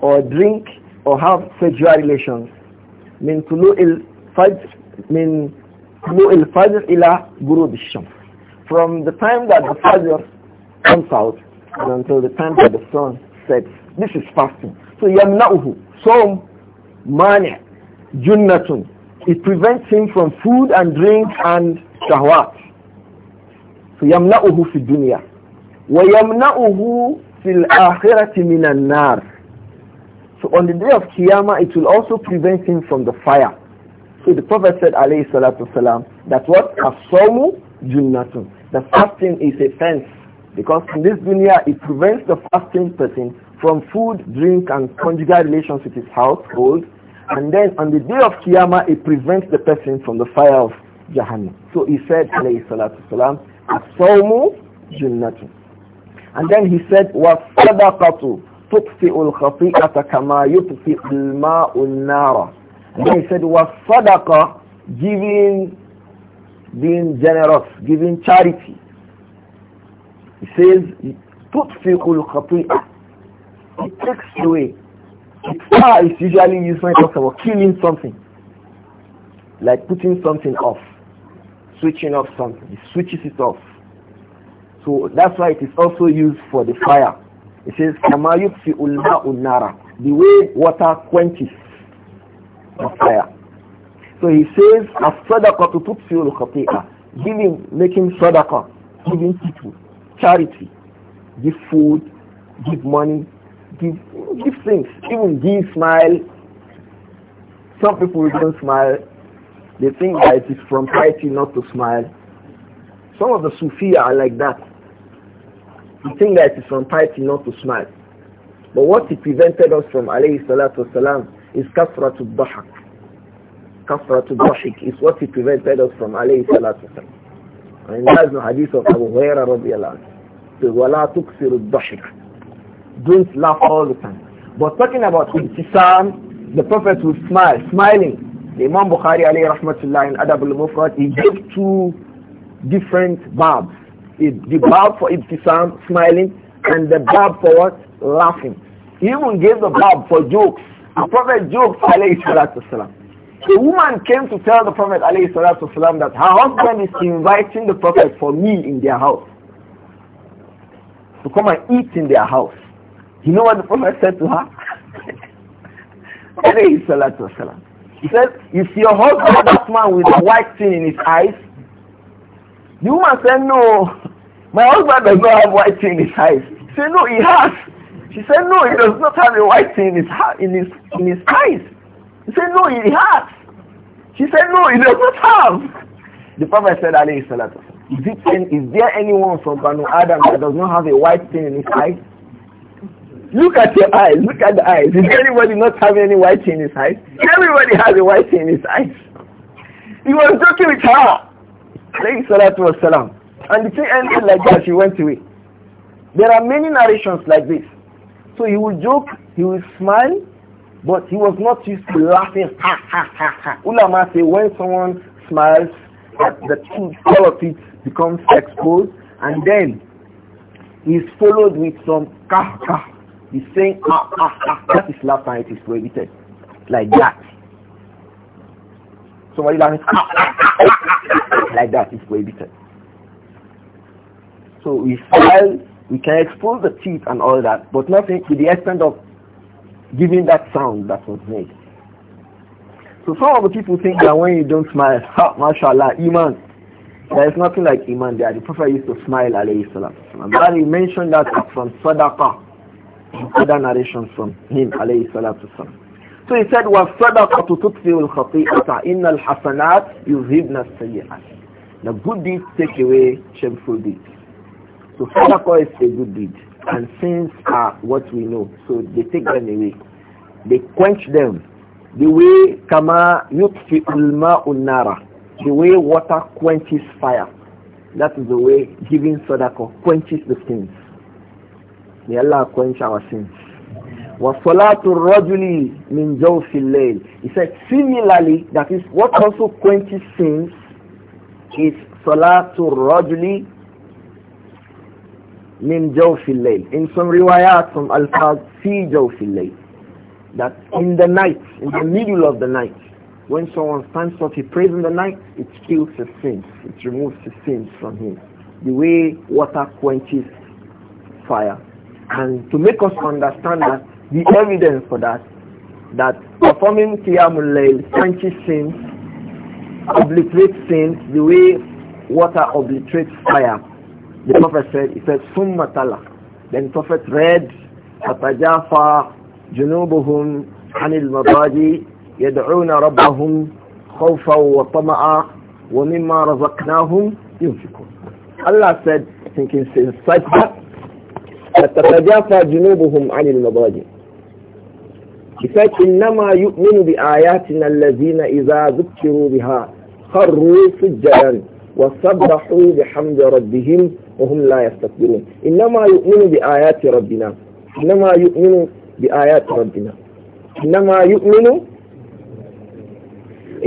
or drink or have sexual relations. من min tulu من طلوع ila إلى غروب الشمس. From the time that the fajr comes out until the time that the sun said. This is fasting. So yamna'uhu, So, mani, junnatun. It prevents him from food and drink and shahwat. So yamna'uhu fi dunya. Wa yamna'uhu fil akhirati minan nar. So on the day of Qiyamah, it will also prevent him from the fire. So the Prophet said, alayhi salatu salam, that what? Asomu junnatun. The fasting is a fence because in this dunya, it prevents the fasting person from food, drink, and conjugal relations with his household. And then on the day of Qiyamah, it prevents the person from the fire of Jahannam. So he said, alayhi salatu salam, as-sawmu And then he said, "Wa وَالصَّدَقَةُ تُطْفِئُ ul كَمَا يُطْفِئُ الْمَاءُ النَّارَ And then he said, "Wa وَالصَّدَقَةُ Giving, being generous, giving charity he says, Tutfiqul khati'ah. It takes away. fire is usually used when it talks about killing something. Like putting something off. Switching off something. He switches it off. So that's why it is also used for the fire. It says, Kama yutfi'ul ma'un The way water quenches the fire. So he says, As-sadaqatu tutfi'ul khati'ah. Giving, making sadaqah. Giving people charity. Give food, give money, give, give things, even give smile. Some people don't smile. They think that it is from piety not to smile. Some of the Sufi are like that. They think that it is from piety not to smile. But what he prevented us from, alayhi salatu wasalam, is kafratul dahak. Kafratul dahik is what he prevented us from, alayhi salatu wasalam. And that's the hadith of Abu Huraira radiallahu anhu. So, وَلَا تُكْسِرُ الضَّحِكَ Don't laugh all the time. But talking about Ibtisam, the Prophet would smile, smiling. The Imam Bukhari alayhi rahmatullah in Adab al-Mufrad, he gave two different babs. The bab for Ibtisam, smiling, and the bab for what? Laughing. He even gave the bab for jokes. A Prophet jokes alayhi salatu wasalam. The woman came to tell the Prophet والسلام, that her husband is inviting the Prophet for me in their house. To come and eat in their house. You know what the Prophet said to her? he said, is your husband that man with the white thing in his eyes? The woman said, no, my husband does not have white thing in his eyes. She said, no, he has. She said, no, he does not have a white thing in his, in his, in his eyes. He said, no, he has. She said, no, he does not have. The Prophet said, "Ali, salatu is, it, is there anyone from Banu Adam that does not have a white thing in his eyes? Look at your eyes. Look at the eyes. Is anybody not having any white thing in his eyes? Everybody has a white thing in his eyes. He was joking with her. Alayhi salatu wasalam. And the thing ended like that. She went away. There are many narrations like this. So he will joke, he will smile, but he was not used to laughing. Ha, ha, ha, ha. Ulama say when someone smiles, the thing, all of it becomes exposed and then he's followed with some ka ka. He's saying, ah, ah, ah. That is laughter. It is prohibited. Like that. Somebody laughing, ah, ah, ah, like that is prohibited. So we smile, we can expose the teeth and all that, but nothing to the extent of giving that sound that was made. So some of the people think that when you don't smile, ha, mashallah, iman. There is nothing like iman there. The Prophet used to smile, alayhi salam. But he mentioned that from sadaqah, other narrations from him, alayhi salatu salam. So he said, وَالصَّدَقَةُ تُطْفِئُ الْخَطِيئَةَ إِنَّ الْحَسَنَاتِ يُذْهِبْنَ السَّيِّئَاتِ The good deeds take away shameful deeds. So sadaqah is a good deed and sins are what we know. So they take them away. They quench them. The way kama yutfi ulma unara, The way water quenches fire. That is the way giving sadaqah quenches the sins. May Allah quench our sins. وَصَلَاتُ rajuli مِنْ جَوْفِ اللَّيْلِ He said, similarly, that is what also quenches sins is salatul rajuli min jawfil layl. In some riwayat from al-Faz, fi layl. That in the night, in the middle of the night, when someone stands up, he prays in the night, it kills his sins. It removes his sins from him. The way water quenches fire. And to make us understand that, the evidence for that, that performing Qiyamul Layl quenches sins, obliterates sins the way water obliterates fire The Prophet said, he said, Summa talaq. Then Prophet read, Fatajafa junubuhum عَنِ madaji yad'una rabbahum khawfa wa tama'a wa mimma yunfikun. Allah said, thinking since that, Fatajafa junubuhum عَنِ madaji. He said, إنما يؤمن بآياتنا الذين إذا ذكروا بها خروا سجدا وسبحوا بحمد ربهم وهم لا يستكبرون إنما يؤمن بآيات ربنا إنما يؤمن بآيات ربنا إنما يؤمن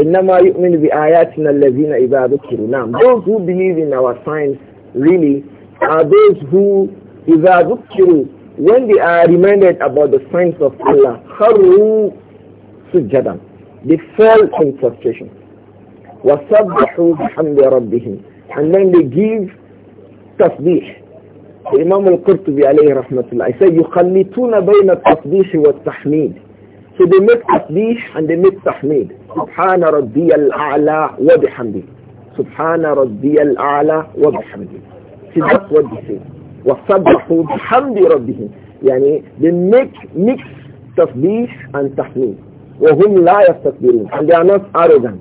إنما يؤمن بآياتنا الذين إذا ذكروا نعم those who believe in our signs really are those who إذا ذكروا when they are reminded about the signs of Allah خروا سجدا they fall in frustration وسبحوا بحمد ربهم and then they give التصبيح الإمام القرطبي عليه رحمة الله يقول يخلطون بين التصبيح والتحميد so they make tasbih and they make سبحان ربي الأعلى وبحمده سبحان ربي الأعلى وبحمده see that's what they say بحمد ربهم يعني they make تصبيح and تحميد وهم لا يستكبرون and they are not arrogant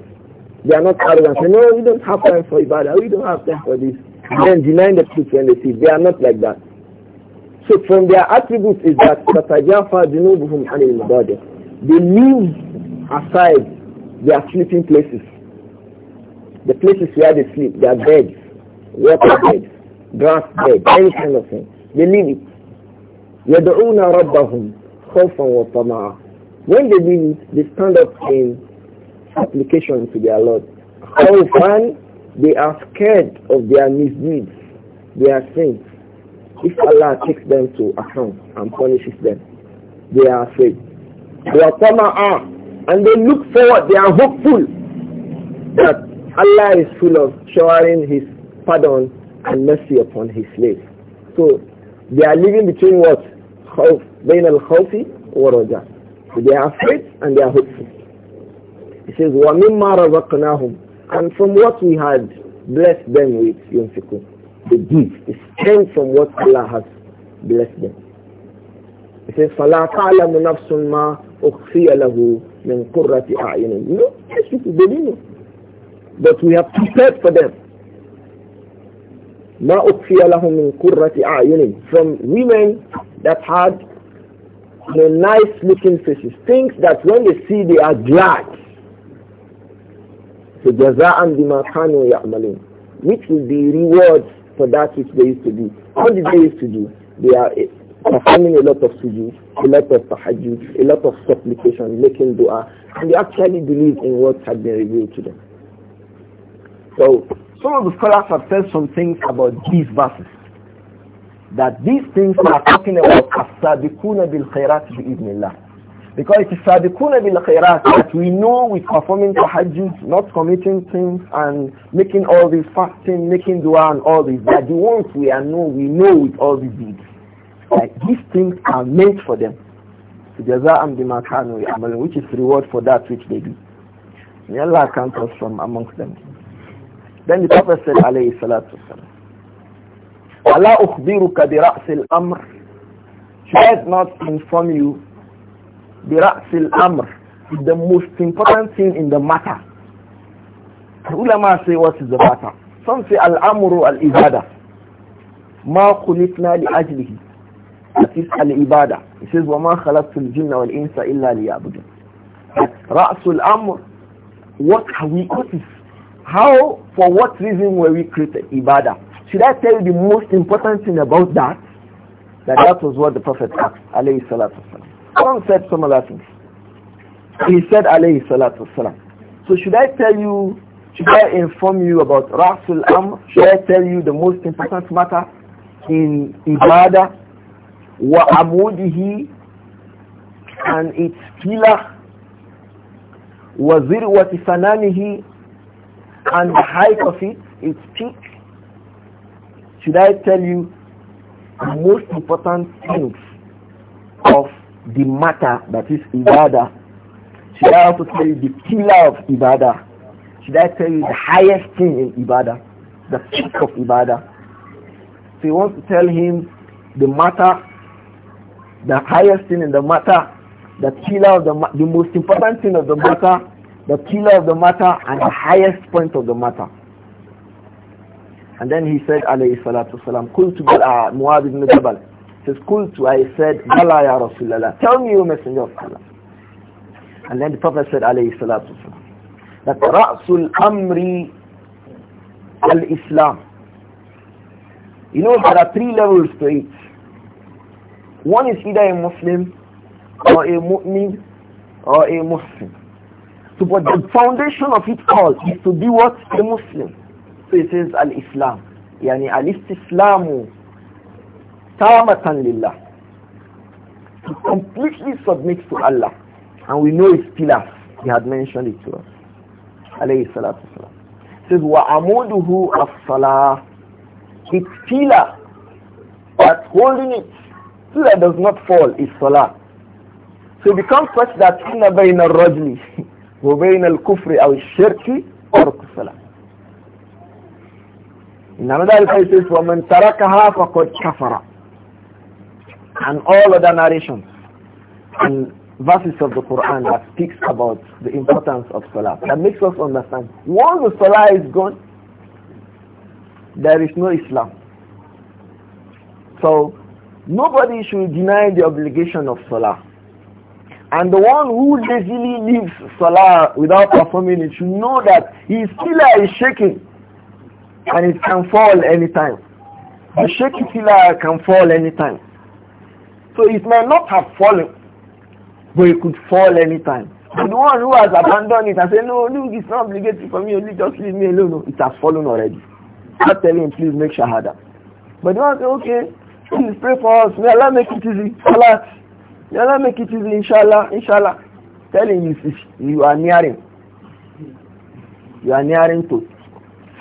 they are not arrogant say no we don't have time for ibadah we don't have time for this then denying the truth when they see. They are not like that. So from their attributes is that They leave aside their sleeping places. The places where they sleep, their beds, water beds, grass beds, any kind of thing. They leave it. يَدْعُونَ رَبَّهُمْ خَوْفًا وَطَمَعًا When they leave it, they stand up in supplication to their Lord. خَوْفًا they are scared of their misdeeds, their sins. If Allah takes them to account and punishes them, they are afraid. They are And they look forward, they are hopeful that Allah is full of showering His pardon and mercy upon His slaves. So they are living between what? خوف بين or والرجاء. They are afraid and they are hopeful. He says, وَمِمَّا رَزَقْنَاهُمْ and from what we had blessed them with, the gift the strength, from what Allah has blessed them. He says, فَلَا تَعْلَمُ نَفْسٌ مَا أُخْفِيَ لَهُ مِنْ قُرَّةِ أَعْيُنٍ You know, these people, they didn't know. But we have prepared for them. مَا أُخْفِيَ لَهُ مِنْ قُرَّةِ أَعْيُنٍ From women that had you know, nice looking faces, things that when they see they are glad. So jaza'an bima kanu which will be rewards for that which they used to do. What did they used to do? They are performing a lot of sujood, a lot of tahajjud, a lot of supplication, making dua, and they actually believe in what had been revealed to them. So some of the scholars have said some things about these verses. That these things we are talking about as-sabiquna bil khairat bi idnillah because it is sadikuna bil khairat that we know we're performing tahajjud, not committing things and making all these fasting, making dua and all this, that the ones we are know, we know with all these deeds. Like these things are meant for them. Jazaa'am bima kanu ya'malun, which is reward for that which they do. May Allah count us from amongst them. Then the Prophet said, alayhi salatu wasalam, Allah ukhbiruka bi ra'sil amr. Should I not inform you برأس Amr is the most important thing in the matter. The ulama say what is the matter. Some say al-amru al-ibada. Ma khuliqna li ajlihi. That is al-ibada. It says wa ma khalaqtu al-jinna wal-insa illa liya'budun. Ra'sul amr. What have we what is how for what reason were we created ibada? Should I tell you the most important thing about that? That that was what the Prophet asked alayhi salatu wasalam. Quran said some other things. He said, alayhi salatu wasalam. So should I tell you, should I inform you about Rasul Am? Should I tell you the most important matter in Ibadah? Wa amudihi and its pillar wa zirwati sanamihi and the height of it, its peak. Should I tell you the most important things of the matter that is ibada. Should I also tell you the pillar of ibada? Should I tell you the highest thing in ibada, The peak of ibada? So he wants to tell him the matter, the highest thing in the matter, the pillar of the the most important thing of the matter, the pillar of the matter, and the highest point of the matter. And then he said, alayhi salatu wasalam, bil ah, ibn Jabal, says, Kultu, I said, Bala ya Rasulallah. Tell me, you Messenger of Allah. And then the Prophet said, alayhi salatu that Ra'sul Amri al-Islam. You know, there are three levels to it. One is either a Muslim or a mu'min or a Muslim. So, but the foundation of it all is to be what? A Muslim. So it says al-Islam. Yani al Tawamatan lillah. To completely submit to Allah. And we know his pillars. He had mentioned it to us. Alayhi salatu wasalam. says, وَعَمُودُهُ الصَّلَاةِ Its pillar but holding it so that does not fall is salah. So it becomes such that inna بَيْنَ الرَّجْلِ al الْكُفْرِ أَوْ الشِّرْكِ تَرْكُ الصَّلَاةِ In another place it says, وَمَنْ tarakaha فَقَدْ kafara and all other narrations and verses of the Quran that speaks about the importance of Salah. That makes us understand. Once the Salah is gone, there is no Islam. So nobody should deny the obligation of Salah. And the one who lazily leaves Salah without performing it should know that his pillar is shaking and it can fall anytime. The shaky pillar can fall anytime. So it may not have fallen, but it could fall anytime. But the one who has abandoned it and said, no, look, it's not obligatory for me, only just leave me alone. No, it has fallen already. I tell him, please make shahada. But the one say, okay, please pray for us. May Allah make it easy. Allah, may Allah make it easy, inshallah, inshallah. Telling you, you are nearing. You are nearing to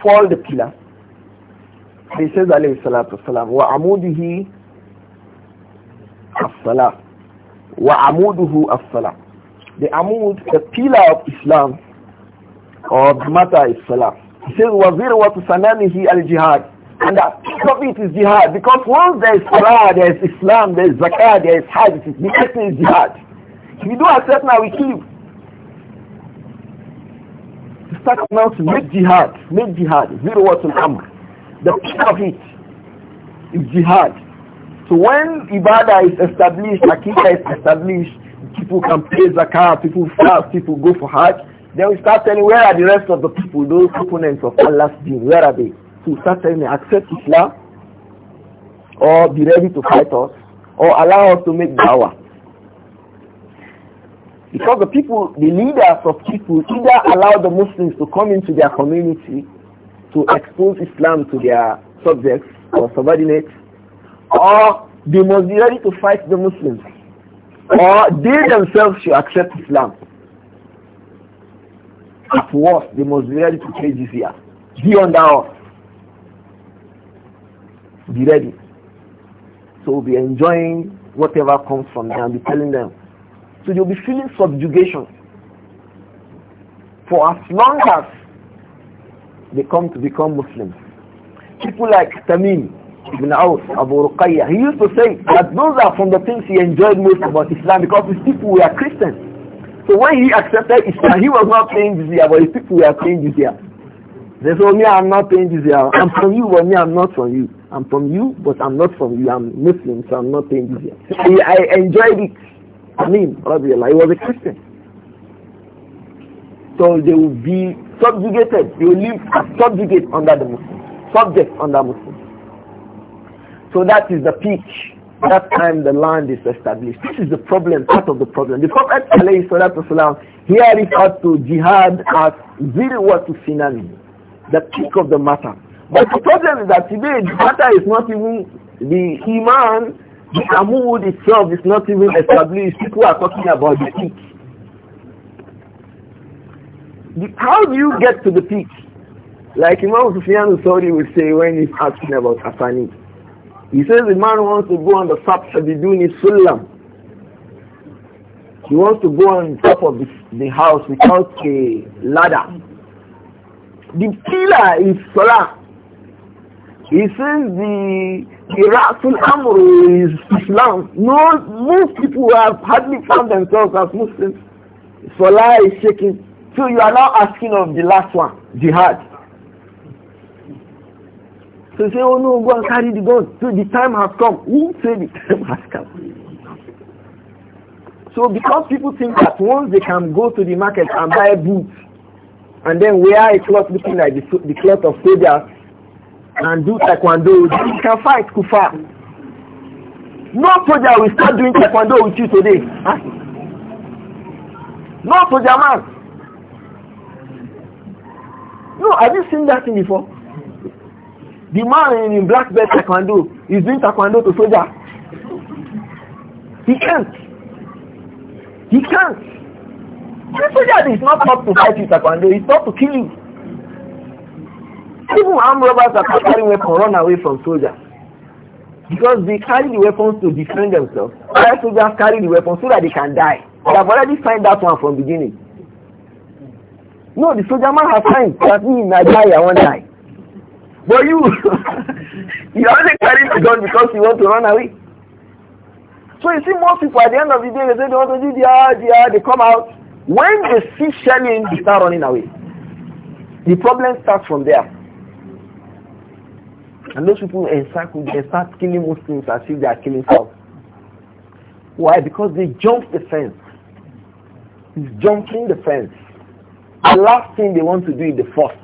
fall the pillar. He says, alayhi salatu wasalam, wa amudihi as-salah wa amuduhu as-salah the amud the pillar of Islam or the matter is salah he says wa zirwatu sanamihi al-jihad and the peak of it is jihad because once there is salah there is Islam there is zakah, there is hajj it is the is jihad if you do accept now we kill you. start now to make jihad make jihad zirwatul amr the peak of it is jihad so when ibadah is established, akita is established, people can pay zakah, people fast, people go for hajj, then we start telling where are the rest of the people, those opponents of Allah's deen, where are they? So we start telling them, accept Islam or be ready to fight us or allow us to make dawah. Because the people, the leaders of people either allow the Muslims to come into their community to expose Islam to their subjects or subordinates or they must be ready to fight the Muslims or they themselves should accept Islam. At worst, they must be ready to pay year. Be on that Be ready. So we'll be enjoying whatever comes from them. and be telling them. So you'll be feeling subjugation. For as long as they come to become Muslims. People like Tamim, Ibn Auf, Abu Ruqayya, he used to say that those are from the things he enjoyed most about Islam because his people were Christians. So when he accepted Islam, he was not paying jizya, but his people were paying jizya. They told oh, me I'm not paying jizya. I'm from you, but me I'm not from you. I'm from you, but I'm not from you. I'm Muslim, so I'm not paying jizya. I, I enjoyed it. I mean, Rabiullah, he was a Christian. So they will be subjugated. They will live subjugate under the Muslims, subject under Muslims. So that is the peak. That time the land is established. This is the problem, part of the problem. The Prophet والسلام, here referred to jihad as was to sinani, the peak of the matter. But the problem is that today the matter is not even the iman, the amud itself is not even established. People are talking about the peak. The, how do you get to the peak? Like Imam Sufyan Sori will say when he's asking about Asanid. He says the man wants to go on the top of the Duni Sulam. He wants to go on top of the, the house without a ladder. The pillar is Salah. He says the Iraqul Amr is Islam. No, most people have hardly found themselves as Muslims. Salah is shaking. So you are now asking of the last one, jihad. So say, oh no, go and carry the gun. So the time has come. Who say the time has come? So because people think that once they can go to the market and buy boots and then wear a cloth looking like the, the cloth of soldiers and do taekwondo, you can fight kufa. No soldier will start doing taekwondo with you today. Huh? No soldier man. No, have you seen that thing before? The man in black belt taekwondo is doing taekwondo to soldier. He can't. He can't. The soldier is not taught to fight with taekwondo. He's taught to kill you. Even armed robbers are carrying weapons run away from soldiers because they carry the weapons to defend themselves. Other soldiers carry the weapons so that they can die. They have already signed that one from beginning. No, the soldier man has signed that me in Nigeria one night. die. But you, you only carry the gun because you want to run away. So you see, most people at the end of the day, they say they want to do the jihad, ah, ah, they come out. When they see shelling, they start running away. The problem starts from there. And those people encircle, they start killing Muslims as if they are killing self. Why? Because they jump the fence. It's jumping the fence. The last thing they want to do is the first.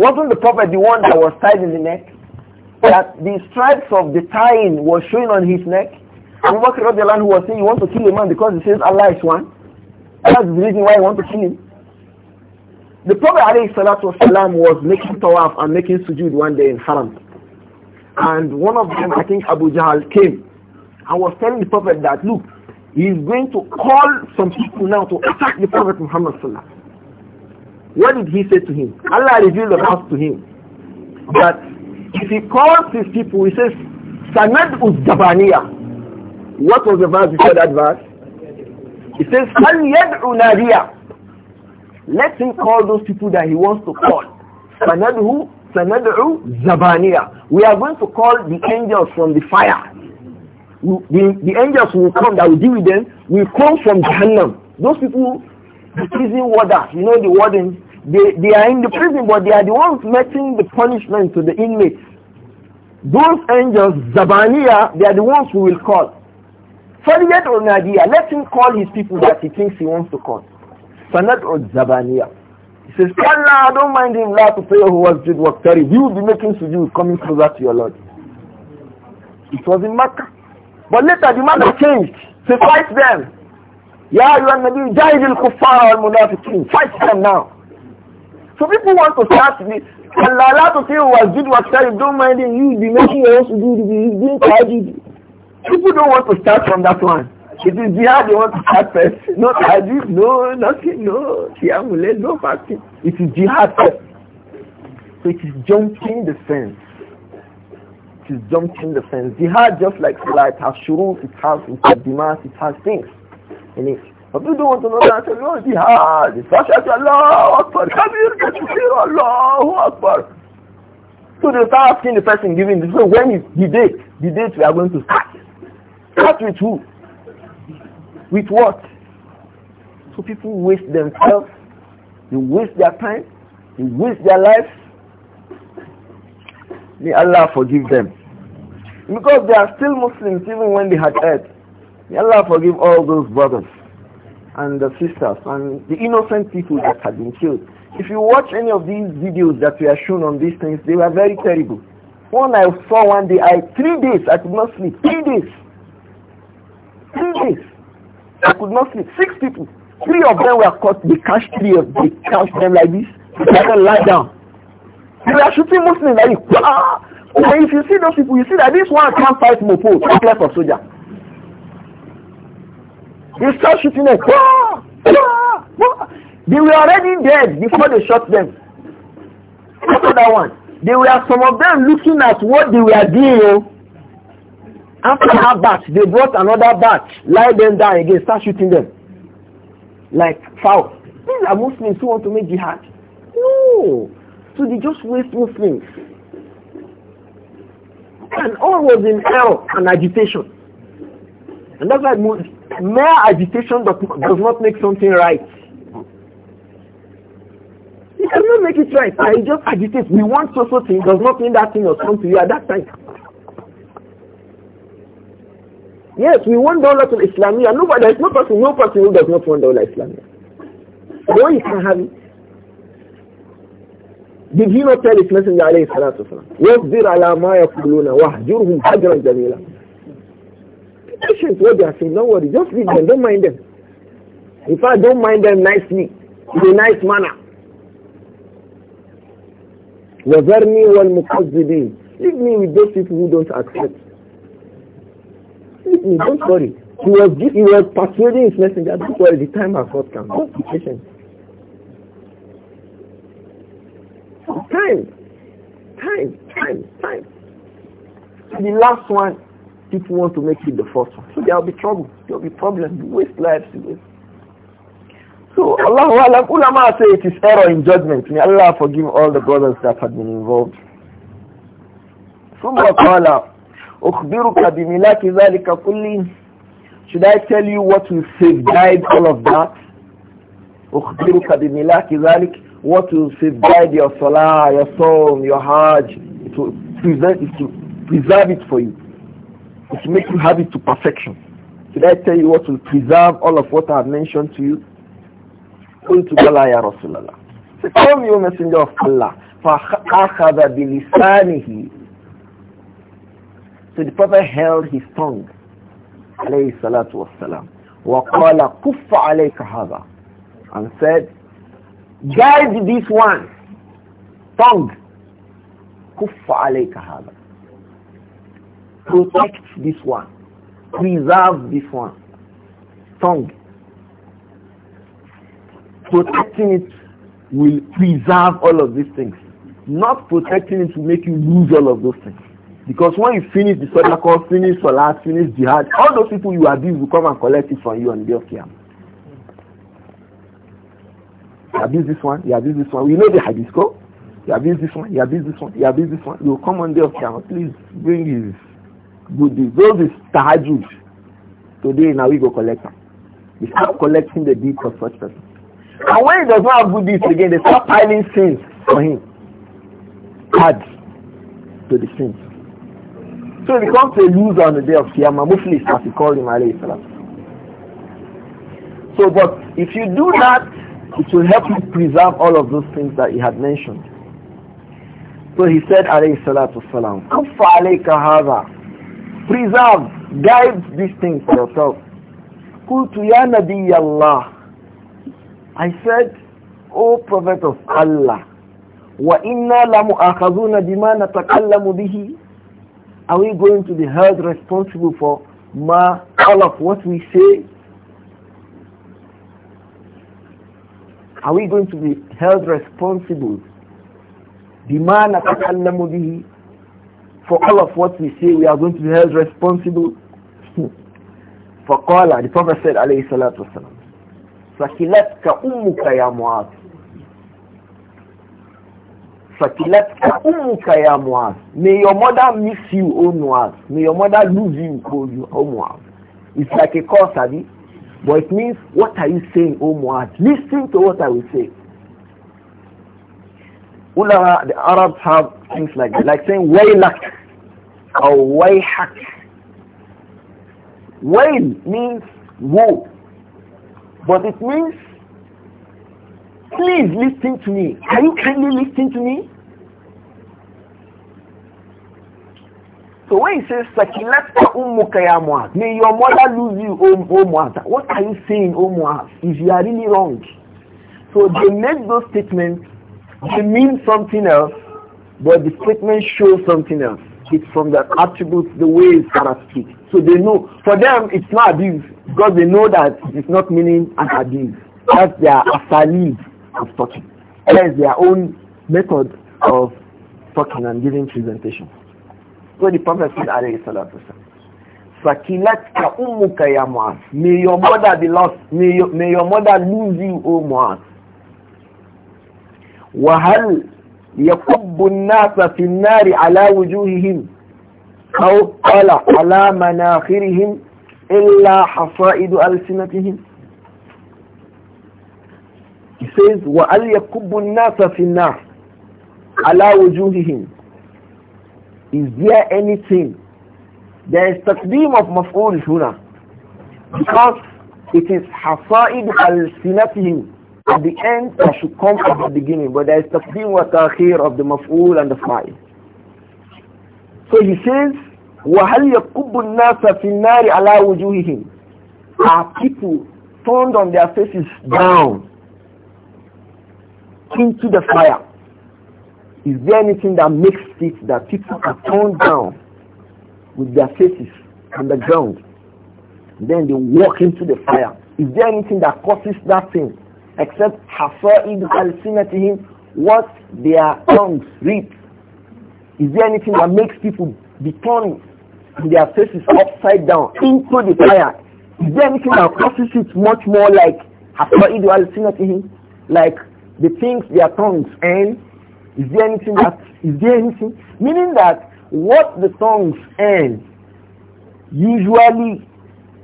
Wasn't the prophet the one that was tied in the neck? That the stripes of the tying was showing on his neck? the land, who was saying, you want to kill a man because he says Allah is one? That's the reason why I want to kill him. The Prophet والسلام, was making tawaf and making sujud one day in Haram. And one of them, I think Abu Jahl, came and was telling the Prophet that, look, he is going to call some people now to attack the Prophet Muhammad sallallahu what did he say to him? Allah revealed the verse to him. That if he calls his people, he says, Sanad Uzdabaniya. What was the verse before that verse? He says, Sal Yad'u Let him call those people that he wants to call. Sanadhu Sanad'u Zabaniya. We are going to call the angels from the fire. The, the angels will come that will deal with them will come from Jahannam. Those people the prison warder, you know the wardens, they, they are in the prison, but they are the ones making the punishment to the inmates. Those angels, Zabaniya, they are the ones who will call. Fariyat on, Nadia, let him call his people that he thinks he wants to call. Sanat or Zabaniya. He says, Allah, I don't mind him, La to pray oh, who was did work He will be making sujood coming closer to your Lord. It was in Makkah. But later the matter changed. Suffice them. Ya ayyuhan nabi, jahid al-kuffar al-munafiqin. Fight them now. So people want to start the Allah Allah to say was good what carried, don't mind it. you be making your to do he's being tajid. People don't want to start from that one. It is jihad they want to start first. No tajid, no nothing, no tiamule, no fasting. It is jihad first. So it is jumping the fence. It is jumping the fence. Jihad just like Salah, has shuruf, it has it has demands, it has things ilayk. But you don't want to know that. You know, jihad. Sashat So they start asking the person giving So when is the date? The date we are going to start. Start with who? With what? So people waste themselves. They waste their time. They waste their life. May Allah forgive them. Because they are still Muslims even when they had heard. May Allah forgive all those brothers and the sisters and the innocent people that have been killed. If you watch any of these videos that we are shown on these things, they were very terrible. One I saw one day, I three days I could not sleep. Three days. Three days. I could not sleep. Six people. Three of them were caught. They cashed three of they cashed them like this. They can lie down. They were shooting Muslims like this. Ah! And if you see those people, you see that this one can't fight Mopo, not like of soldier. You start shooting them. They were already dead before they shot them. After that one, there were some of them looking at what they were doing. Oh. After that batch, they brought another batch, lie them down again, start shooting them. Like foul. These are Muslims who want to make jihad. No. So they just waste Muslims. And all was in hell and agitation. And that's why Mere agitation does not make something right. It does not make it right. I just agitates. We want so so thing does not mean that thing will come to you at that time. Yes, we want Dawla to Islamia. Nobody, there is no person, no person who does not want Dawla Islamia. No, you can have it. Did he not tell his messenger alayhi salatu wasalam, وَاصْبِرْ عَلَى مَا يَقُولُونَ وَاهْجُرْهُمْ hajran جَمِيلًا patient what they are saying. Don't worry. Just leave them. Don't mind them. In fact, don't mind them nicely, in a nice manner. وَذَرْنِي وَالْمُكَذِّبِينَ Leave me with those people who don't accept. Leave me. Don't worry. He was, he was persuading his messenger. Don't worry. The time has not come. Just be patient. Time. Time. Time. Time. The last one people want to make it the first one. So there will be trouble. There will be problems. waste lives. Waste. So Allah, Allah ulama say it is error in judgment. May Allah forgive all the brothers that have been involved. Should I tell you what will safeguard all of that? What will safeguard your salah, your soul, your hajj? It will present it to preserve it for you. It makes you have it to perfection. Did I tell you what will preserve all of what I have mentioned to you? قلت to يا رسول الله Say, come you messenger of Allah. فَأَخَذَ بِلِسَانِهِ So the Prophet held his tongue. عليه الصلاة والسلام. وَقَالَ كُفَّ عَلَيْكَ هَذَا And said, guide this one. Tongue. كُفَّ عَلَيْكَ هَذَا protect this one, preserve this one, tongue. Protecting it will preserve all of these things. Not protecting it will make you lose all of those things. Because when you finish the sadaqah, finish salat, finish jihad, all those people you abuse will come and collect it from you on the day of Qiyamah. You abuse this one, you abuse this one. We know the hadith go. You abuse this one, you abuse this one, you abuse this one. You will come on the day of Qiyamah. Please bring this good deeds. Those is tahajjud. Today now we go collect them. We start collecting the deeds of such person. And when he does not have good deeds again, they start piling sins for him. Add to the sins. So he becomes a loser on the day of Qiyamah, Muflis as he called him alayhi salam. So but if you do that, it will help you preserve all of those things that he had mentioned. So he said alayhi salatu salam, Kufa alayka hadha preserve, guide these things for yourself. Kultu ya Nabi Allah. I said, O Prophet of Allah, wa inna la mu'akhazuna bima natakallamu bihi. Are we going to be held responsible for ma all of what we say? Are we going to be held responsible bima natakallamu bihi for all of what we say, we are going to be held responsible for qala. The Prophet said, alayhi salatu wasalam, فَكِلَتْكَ أُمُّكَ يَا مُعَاذ فَكِلَتْكَ أُمُّكَ يَا مُعَاذ May your mother miss you, O Muaz. May your mother lose you, O Muaz. It's like a call, sadi. But it means, what are you saying, O Muaz? Listen to what I will say. Ulama, the Arabs have things like that, like saying waylak or wayhak. Wail means woe, but it means please listen to me. Are you kindly listening to me? So when he says Sakilata ummuka ya Muaz, may your mother lose you, o Muaz. What are you saying, O Muaz? If you are really wrong. So they make those statements they mean something else, but the statement shows something else. It's from the attributes, the ways that are speak. So they know. For them, it's not abuse because they know that it's not meaning an abuse. That's their assignee of talking. That's their own method of talking and giving presentation. So the Prophet said, alayhi salatu Sakilatka ummuka ya Mu'az. May your mother be lost. May your, may your mother lose you, O Mu'az. وهل يكب الناس في النار على وجوههم أو قال على مناخرهم إلا حصائد ألسنتهم He says وهل يكب الناس في النار على وجوههم Is there anything There is تقديم of مفعول هنا Because it is حصائد ألسنتهم At the end, I should come at the beginning, but there is taqdeem wa ta'khir of the maf'ul and the fa'il. So he says, وَهَلْ يَقُبُّ النَّاسَ فِي النَّارِ عَلَى وُجُوهِهِمْ Are people turned on their faces down into the fire? Is there anything that makes it that people are turned down with their faces on the ground? Then they walk into the fire. Is there anything that causes that thing? except al أَلْسِنَتِهِمْ what their tongues read. Is there anything that makes people be turning their faces upside down into the fire? Is there anything that causes it much more like al أَلْسِنَتِهِمْ like the things their tongues earn? Is there anything that, is there anything? Meaning that what the tongues earn usually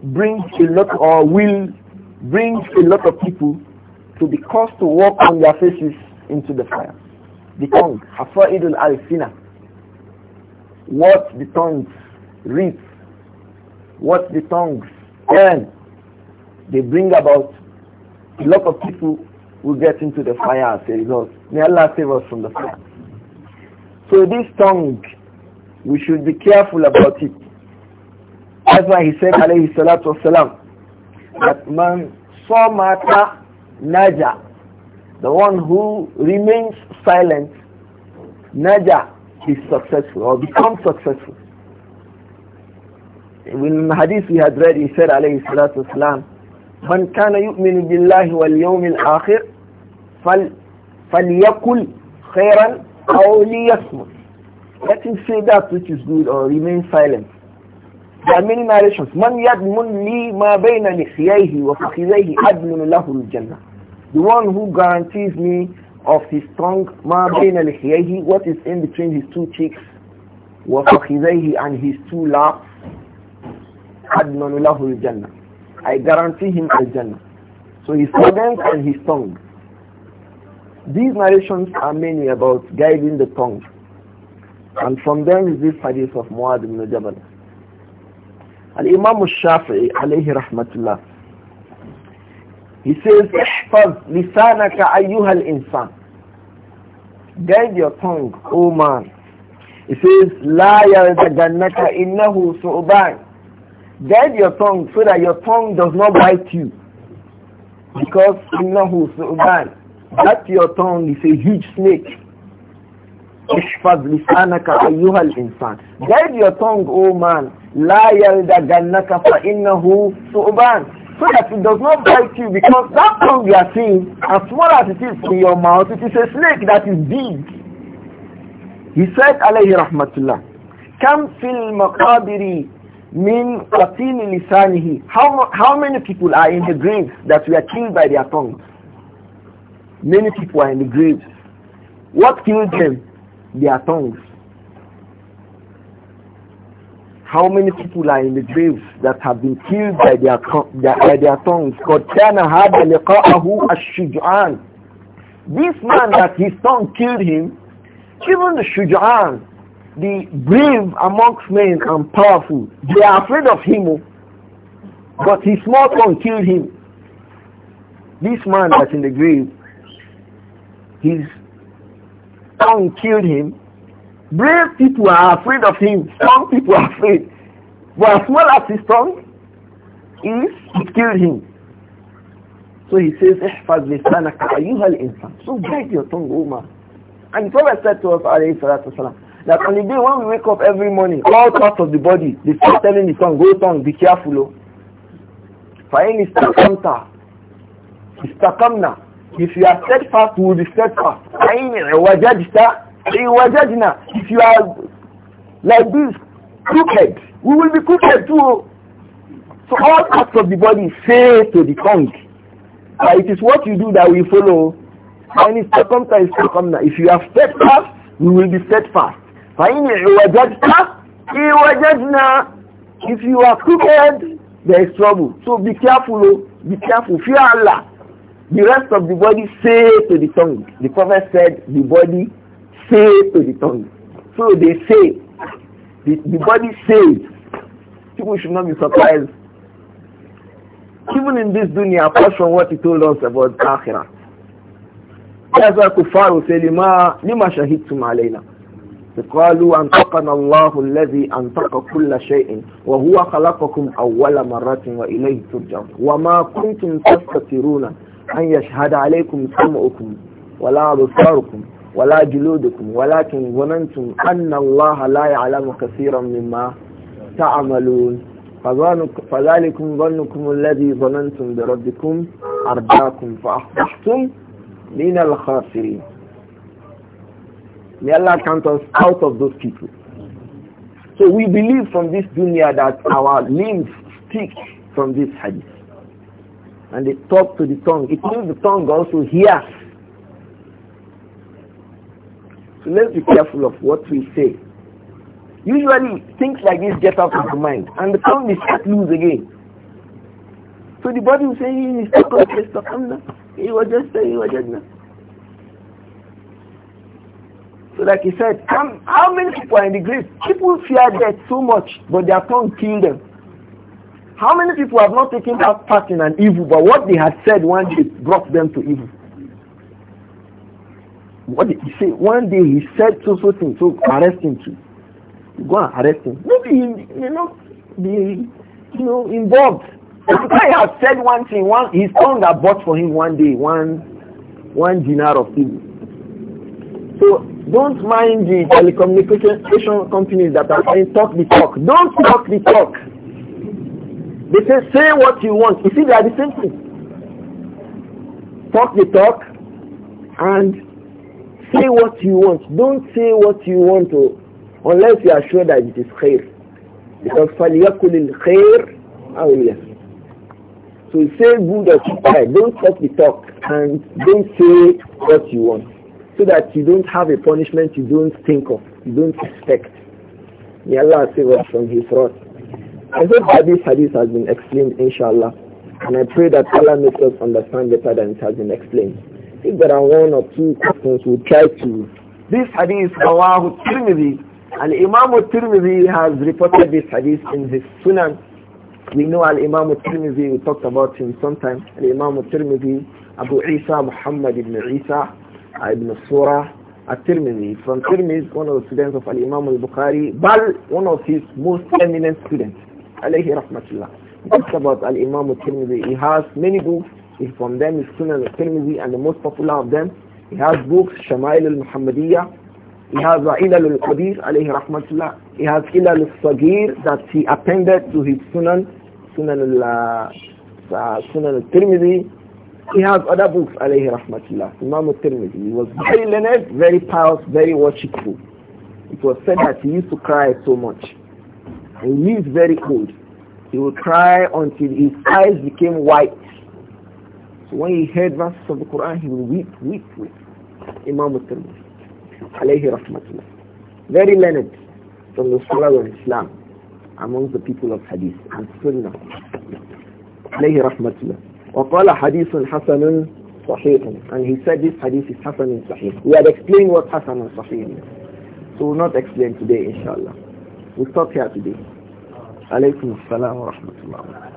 brings a lot or will bring a lot of people to be caused to walk on their faces into the fire. The tongue, hafa'idul al-sina, what the tongues reap, what the tongues earn, they bring about a lot of people will get into the fire as a result. May Allah save us from the fire. So this tongue, we should be careful about it. That's why he said, alayhi salatu wasalam, that man matter. Naja, the one who remains silent, Naja is successful or becomes successful. In the hadith we had read, he said alayhi salatu wasalam, من كان يؤمن بالله واليوم الآخر فل فليقل خيرا أو ليصمت let him say that which is good or remain silent. There are many narrations. من يضمن لي ما بين لحييه وفخذيه أدمن له الجنة. The one who guarantees me of his tongue, ma al what is in between his two cheeks, wa fakhidayhi and his two laps, adnanu lahu jannah I guarantee him al-jannah. So his organs and his tongue. These narrations are many about guiding the tongue. And from them is this hadith of Muad ibn Jabal. Al-Imam al-Shafi'i alayhi rahmatullah he says, احفظ لسانك أيها الإنسان. Guide your tongue, O oh man. He says, لا يرتجنك إنه ثعبان. Guide your tongue so that your tongue does not bite you. Because إنه ثعبان. That your tongue is a huge snake. احفظ لسانك أيها الإنسان. Guide your tongue, O oh man. لا يرتجنك فإنه ثعبان so that it does not bite you because that tongue you are seeing, as small as it is in your mouth, it is a snake that is big. He said, alayhi rahmatullah, Kam fil maqabiri min qatil lisanihi. How, how many people are in the graves that were killed by their tongues? Many people are in the graves. What killed them? Their tongues. How many people are in the graves that have been killed by their, by their tongues? This man that his tongue killed him, even the shuj'an, the brave amongst men and powerful, they are afraid of him. Oh. But his small tongue killed him. This man that's in the grave, his tongue killed him, Brave people are afraid of him. Strong people are afraid. But as well as his strong is, it killed him. So he says, احفظ لسانك أيها الإنسان. So guide your tongue, O man. And the Prophet said to us, alayhi salatu wasalam, that on the day when we wake up every morning, all parts of the body, they start telling the tongue, go tongue, be careful. فَإِنْ إِسْتَقَمْتَ إِسْتَقَمْنَا If you are steadfast, we will be steadfast. فَإِنْ وَجَدْتَ Iwajajina, if you are like this, crooked, we will be crooked too. So all parts of the body say to the tongue. Uh, it is what you do that we follow. And it's circumstance circumna. If you are steadfast, we will be steadfast. If you are crooked, there is trouble. So be careful, oh. be careful. Fear Allah. The rest of the body say to the tongue. The prophet said the body say to the tongue. So they say, the, the body says. People should not be surprised. Even in this dunya, apart from what he told us about akhirah. That's why kuffar will say, لما, لما شهدتم علينا قالوا أنطقنا الله الذي أنطق كل شيء وهو خلقكم أول مرة وإليه ترجعون وما كنتم تستطيعون أن يشهد عليكم سمعكم ولا أبصاركم ولا جلودكم ولكن ظننتم أن الله لا يعلم كثيرا مما تعملون فذلكم ظنكم الذي ظننتم بربكم أرداكم فأصبحتم من الخاسرين May Allah count us out of those people. So we believe from this dunya that our limbs stick from this hadith. And they talk to the tongue. It means the tongue also hears so let's be careful of what we say. Usually things like this get out of the mind and the tongue is set loose again. So the body will say, he's stuck on this, stuck He was just saying, he was just not. So like he said, come. how many people are in the grave? People fear death so much, but their tongue killed them. How many people have not taken that part in an evil, but what they had said one day brought them to evil? What did he say? One day he said so so thing, so arrest him too. Go and arrest him. Maybe he may not be you know involved. The guy has said one thing, one his son that bought for him one day, one one dinar of evil. So don't mind the telecommunication companies that are saying talk the talk. Don't talk the talk. They say say what you want. You see they are the same thing. Talk the talk and Say what you want. Don't say what you want to, oh, unless you are sure that it is khair. Because فَلْيَكُلِ الْخَيْرِ أَوْ So say good or bad. Don't talk the talk and don't say what you want. So that you don't have a punishment you don't think of, you don't expect. May Allah save us from his wrath. I hope that this hadith has been explained, inshallah. And I pray that Allah makes us understand better than it has been explained. If there are one or two questions, we'll try to. This hadith, Rawahu Tirmidhi, and Imam Tirmidhi has reported this hadith in his Sunan. We know Al-Imam Tirmidhi, we talked about him sometime. Al-Imam Tirmidhi, Abu Isa Muhammad ibn Isa ibn Surah At-Tirmidhi. From Tirmidhi, one of the students of Al-Imam Al-Bukhari, Bal one of his most eminent students, alayhi rahmatullah. Talks about Al-Imam Tirmidhi. He has many books from them is Sunan al-Tirmidhi and the most popular of them, he has books, Shama'il al-Muhammadiyya, he has Ilal al-Qadir alayhi rahmatullah. He has Ilal al saghir that he appended to his Sunan, Sunan al uh, uh, tirmidhi He has other books alayhi rahmatullah. Imam al-Tirmidhi. He was very learned, very pious, very worshipful. It was said that he used to cry so much. And he lived very old. He would cry until his eyes became white. So when he heard verses of the Quran, he would weep, weep, weep. Imam al-Tirmidhi, alayhi rahmatullah. Very learned from the scholars of Islam among the people of Hadith and Sunnah. Alayhi rahmatullah. وقال حديث حسن صحيح and he said this hadith is حسن صحيح we had explained what حسن صحيح means so we'll not explain today inshallah we'll stop here today عليكم السلام ورحمة الله وبركاته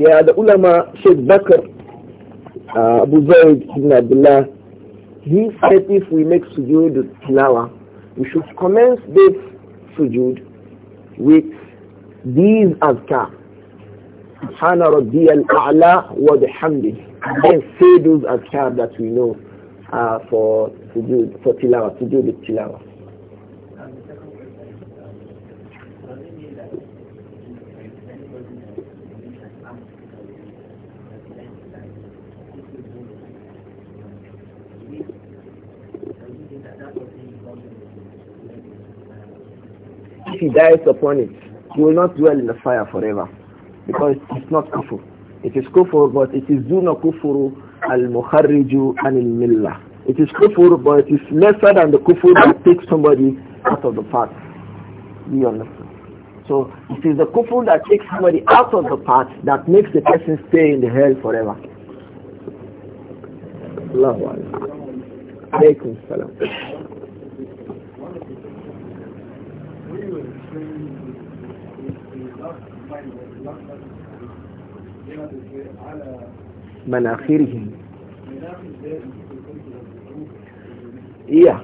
Yeah, the ulama Sheikh Bakr uh, Abu Zaid ibn Abdullah, he said if we make sujood tilawa, we should commence this sujood with these azkar. سبحان ala الأعلى and then say those azkar that we know uh, for sujood, for tilawa, sujood tilawa. if he dies upon it, he will not dwell in the fire forever because it's not kufur. It is kufur, but it is duna kufuru al-mukharriju anil millah. It is kufur, but it is lesser than the kufur that takes somebody out of the path. Be you understand? So it is the kufur that takes somebody out of the path that makes the person stay in the hell forever. Allahu Alaikum Salam. مناخرهم Yeah.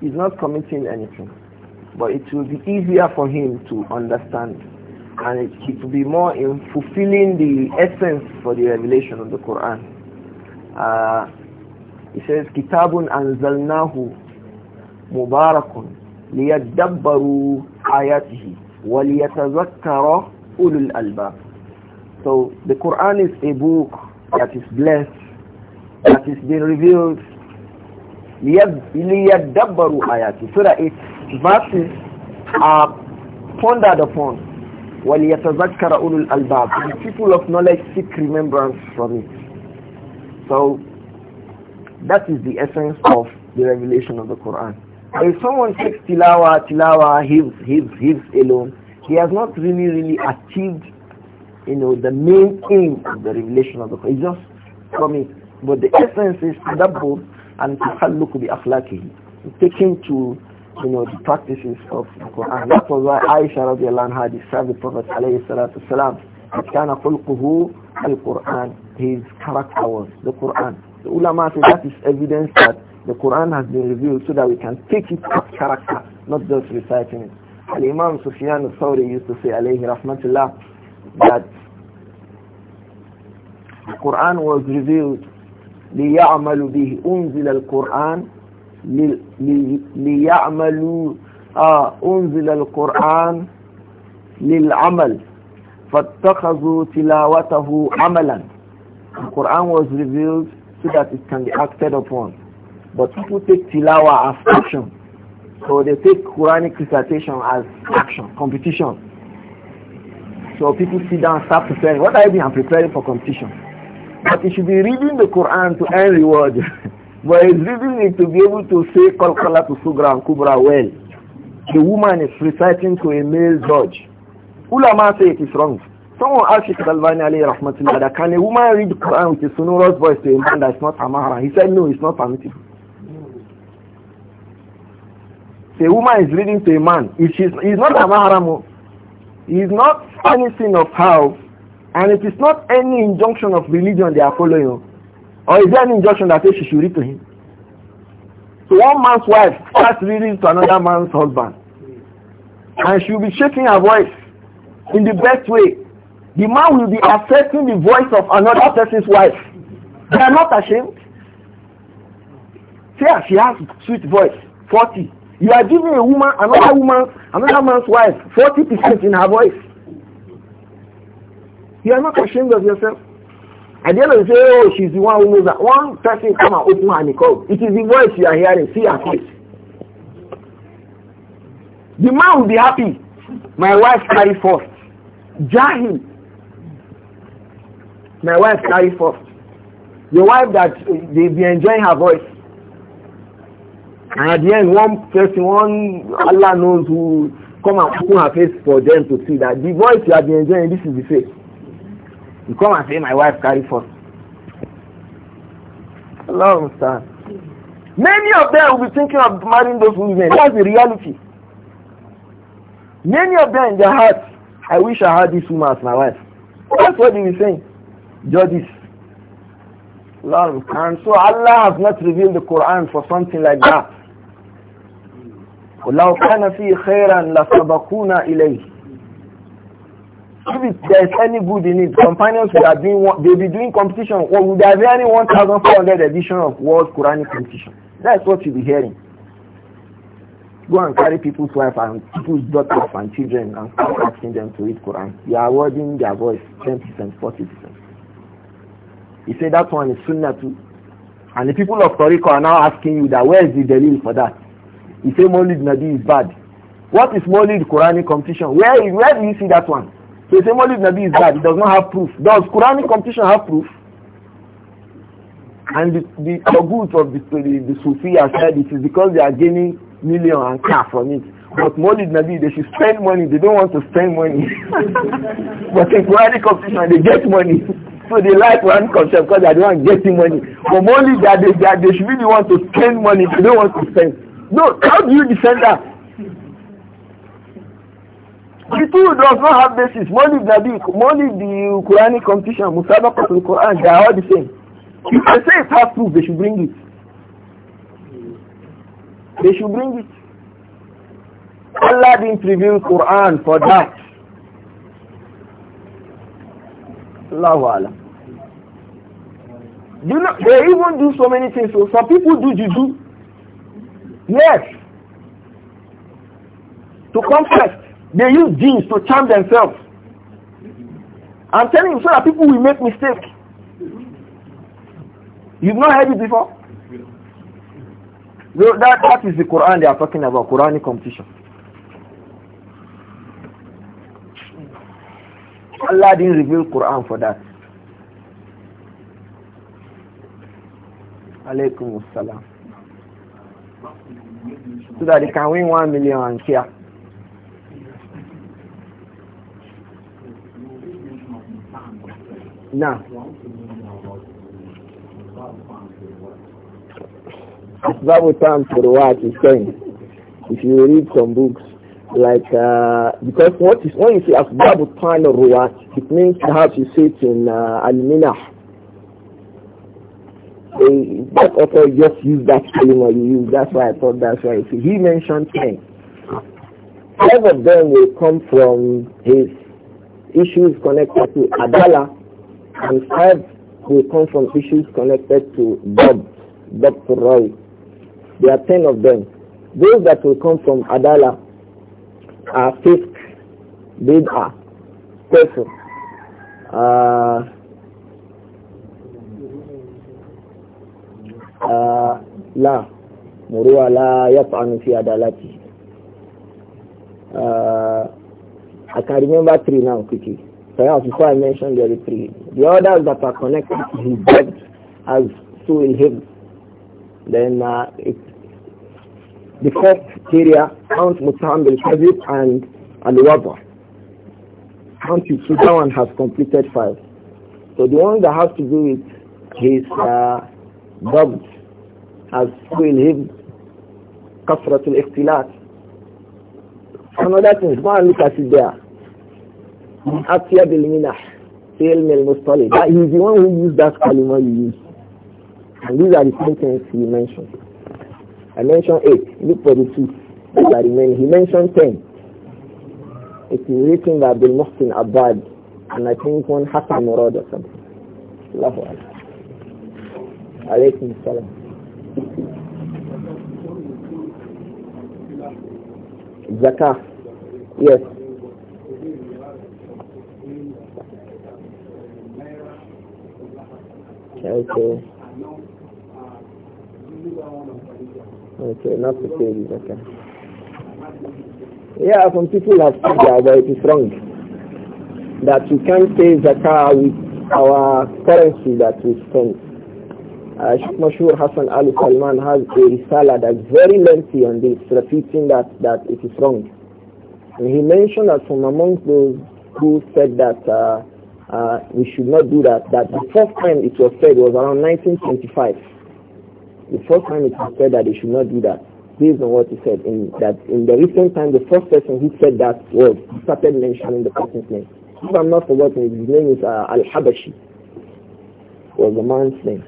He's not committing anything, but it will be easier for him to understand, and it, it will be more in fulfilling the essence for the revelation of the Quran. Uh, he says, Kitabun anzalnahu mubarakun liyadabbaru ayatihi waliyatazakkara ulul albab. So the Quran is a book that is blessed, that is being revealed liyadabbaru ayati so that its verses are pondered upon waliyatazakkara ulul albab. The people of knowledge seek remembrance from it. So that is the essence of the revelation of the Quran. If someone takes tilawa, tilawa, his, his, his alone, he has not really, really achieved, you know, the main aim of the revelation of the Quran. It's just for it. But the essence is tadabbur and tahalluq bi akhlaqihi. Taking to, you know, the practices of the Quran. That was why Aisha radiallahu anha described the Prophet alayhi salatu wasalam. كان خلقه القرآن. His character was the Quran ulama say that is evidence that the Quran has been revealed so that we can take it as character, not just reciting it. Al Imam Sufyan al-Thawri used to say, alayhi rahmatullah, that the Quran was revealed لِيَعْمَلُ بِهِ أُنزِلَ الْقُرْآنِ لِيَعْمَلُوا al الْقُرْآنِ لِلْعَمَلِ فَاتَّخَذُوا تِلَاوَتَهُ amalan." The Quran was revealed so that it can be acted upon. But people take tilawa as action. So they take Quranic recitation as action, competition. So people sit down and start preparing. What are you doing? preparing for competition. But you should be reading the Quran to earn reward. but it's reading it to be able to say Kalkala to Sugra and Kubra well. The woman is reciting to a male judge. Ulama say it is wrong. Someone asked Sheikh Al-Bani alayhi rahmatullah that can a woman read the Quran with a sonorous voice to a man that is not her He said, no, it's not permitted. a woman is reading to a man. If she's, he's not her mahram, he's not anything of how, and it is not any injunction of religion they are following. Or is there any injunction that says she should read to him? So one man's wife starts reading to another man's husband. And she'll be shaking her voice in the best way the man will be accepting the voice of another person's wife. They are not ashamed. See, she has sweet voice, 40. You are giving a woman, another woman, another man's wife, 40% in her voice. You are not ashamed of yourself. At the end of the day, oh, she's the one who knows that. One person come and open her and call. It is the voice you are hearing. See her face. The man will be happy. My wife carry first. Jahil. My wife carry first. The wife that eh, they be enjoying her voice. And at the end, one person, one Allah knows who come and open her face for them to see that the voice you are been enjoying, this is the face. You come and say, my wife carry first. Allah understand. Many of them will be thinking of marrying those women. That's the reality. Many of them in their hearts, I wish I had this woman as my wife. That's what they be saying judges. And so Allah has not revealed the Quran for something like that. ولو كان فيه خيرا لسبقونا إليه if there's any good in it, companions would have been they'll be doing competition or would there be any 1,400 edition of World Quranic competition? That's what you'll be hearing. Go and carry people's wife and people's daughters and children and start asking them to read Quran. You are awarding their voice 10%, 40%. He said that one is sunnah too. And the people of Toriko are now asking you that where is the delil for that? He said Maulid Nabi is bad. What is Maulid Quranic competition? Where where do you see that one? So he said Maulid Nabi is bad. It does not have proof. Does Quranic competition have proof? And the, the, of the, the, the Sufi have said it is because they are gaining million and car from it. But Maulid Nabi, they should spend money. They don't want to spend money. but in Quranic competition, they get money. So they like one concept because they don't want getting money. But only that they, that they should really want to spend money, they don't want to spend. No, how do you defend that? The two does not have basis. that the, money the Quranic competition, Musabaka the Quran, they are all the same. If they say it has proof, they should bring it. They should bring it. Allah didn't reveal Quran for that. Allahu Alam. You know, they even do so many things. So some people do juju. Yes. To contest, they use genes to charm themselves. I'm telling you so that people will make mistakes. You've not heard it before? So that, that is the Quran they are talking about, Quranic competition. Allah didn't reveal Quran for that. Alaykum assalam. So that he can win one million and share. Now, time for what he's saying, if you read some books, like uh, because what is when you say asbab time ruwa it means perhaps you see it in uh, al also that just use that or you use that's why I thought that's why see he mentioned ten five of them will come from his issues connected to adala and five will come from issues connected to Bob, Dr. Roy. There are ten of them. Those that will come from Adala uh, fisk, bid'ah, kufr, uh, uh, la, muruwa la yaf'anu uh, I can remember three now quickly. Perhaps before I mention the other three. The others that are connected he his as as Su'il Hib. Then uh, it The first area count Mutam bin Kazib and Al-Wada. Count that one has completed five. So the one that has to do with his uh, dogs has failed him. Kafratul Ikhtilat. Another thing, go and look at it there. Atya bil Minah. Fail mil Mustali. That is the one who used that kalima you use. And these are the same things he mentioned. I mentioned eight. Look for the two that are remaining. He mentioned ten. It is written by Abdul Muhsin Abad and I think one Hassan Murad or something. Allahu Akbar. Alaykum salam. Zakah. Yes. Okay. Okay, not to say is okay. Yeah, some people have said that, but it is wrong. That you can't pay zakah with our currency that we spend. Uh, Sheikh Mashur Hassan Ali Salman has a risala that's very lengthy on this, repeating that, that it is wrong. And he mentioned that from among those who said that uh, uh, we should not do that, that the first time it was said was around 1925 the first time it was said that they should not do that, based on what he said, in that in the recent time, the first person who said that was started mentioning the person's name. If I'm not forgotten, his name is uh, Al-Habashi, was the man's name.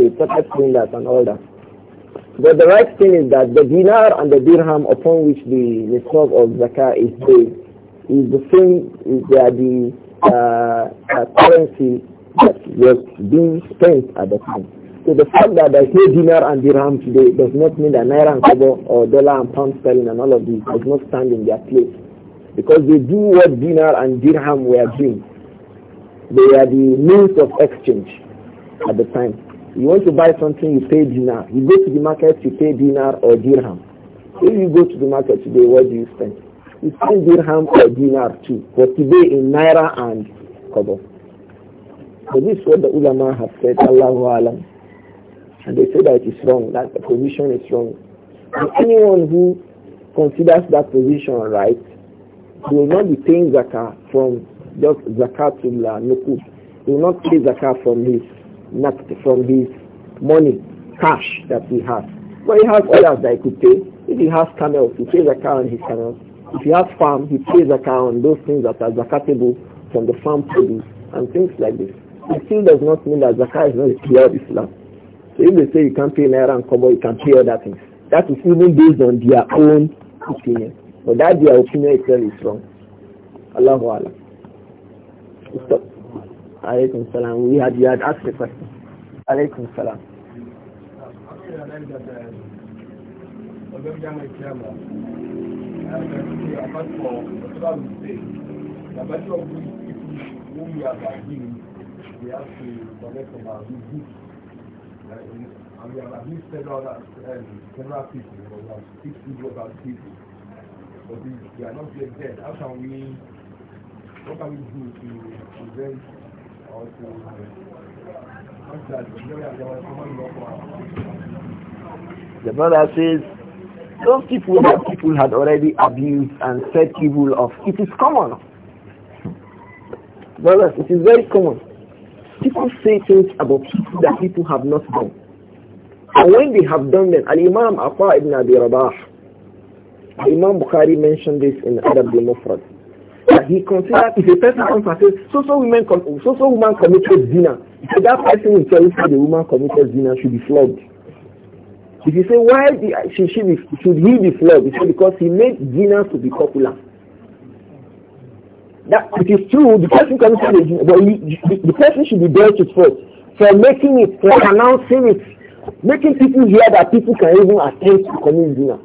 So he started saying that and all that. But the right thing is that the dinar and the dirham upon which the nisab of zakah is based is the same, is they are the uh, uh, currency that was being spent at the time. So the fact that there is no dinar and dirham today does not mean that naira and kobo or dollar and pound sterling and all of these does not stand in their place. Because they do what dinar and dirham were doing. They are the means of exchange at the time. You want to buy something, you pay dinar. You go to the market, you pay dinar or dirham. If you go to the market today, what do you spend? You spend dirham or dinar too. But today in naira and kobo. So this is what the ulama have said, Allahu Alam. And they say that it is wrong, that the position is wrong. And anyone who considers that position right will not be paying zakah from just zakatul nukud. He will not pay zakah from his not from his money, cash that he has. But he has others that he could pay. If he has camels, he pays zakah on his camels. If he has farm, he pays zakah on those things that are zakatable from the farm produce and things like this. It still does not mean that zakah is not a clear Islam. So if they say you can't pay Naira and Kobo, you can pay other things. That is even based on their own opinion. But that their opinion itself is wrong. Allahu Allah. Stop. Alaykum salam. We had, you had asked the question. Alaykum salam. Apart I mean, I've used several, um, several people, but we have six people about people. But we, we are not yet dead. How can we, what can we do to prevent or to, the brother says, those people that people had already abused and said evil of, it is common. Brothers, it is very common. People say things about people that people have not done. And when they have done them, Al-Imam Aqa ibn Abi Rabah, Imam Bukhari mentioned this in Adab al-Mufrad, that he considered if a person comes and says, so-so women so-so woman committed zina, so that person will tell you that the woman committed zina should be flogged. If you say, why should, she be, should he be flogged? He because he made zina to be popular. That it is true, the person committed is, the, the person should be dealt with first for making it, for announcing it, making people hear that people can even attend to commit dinner.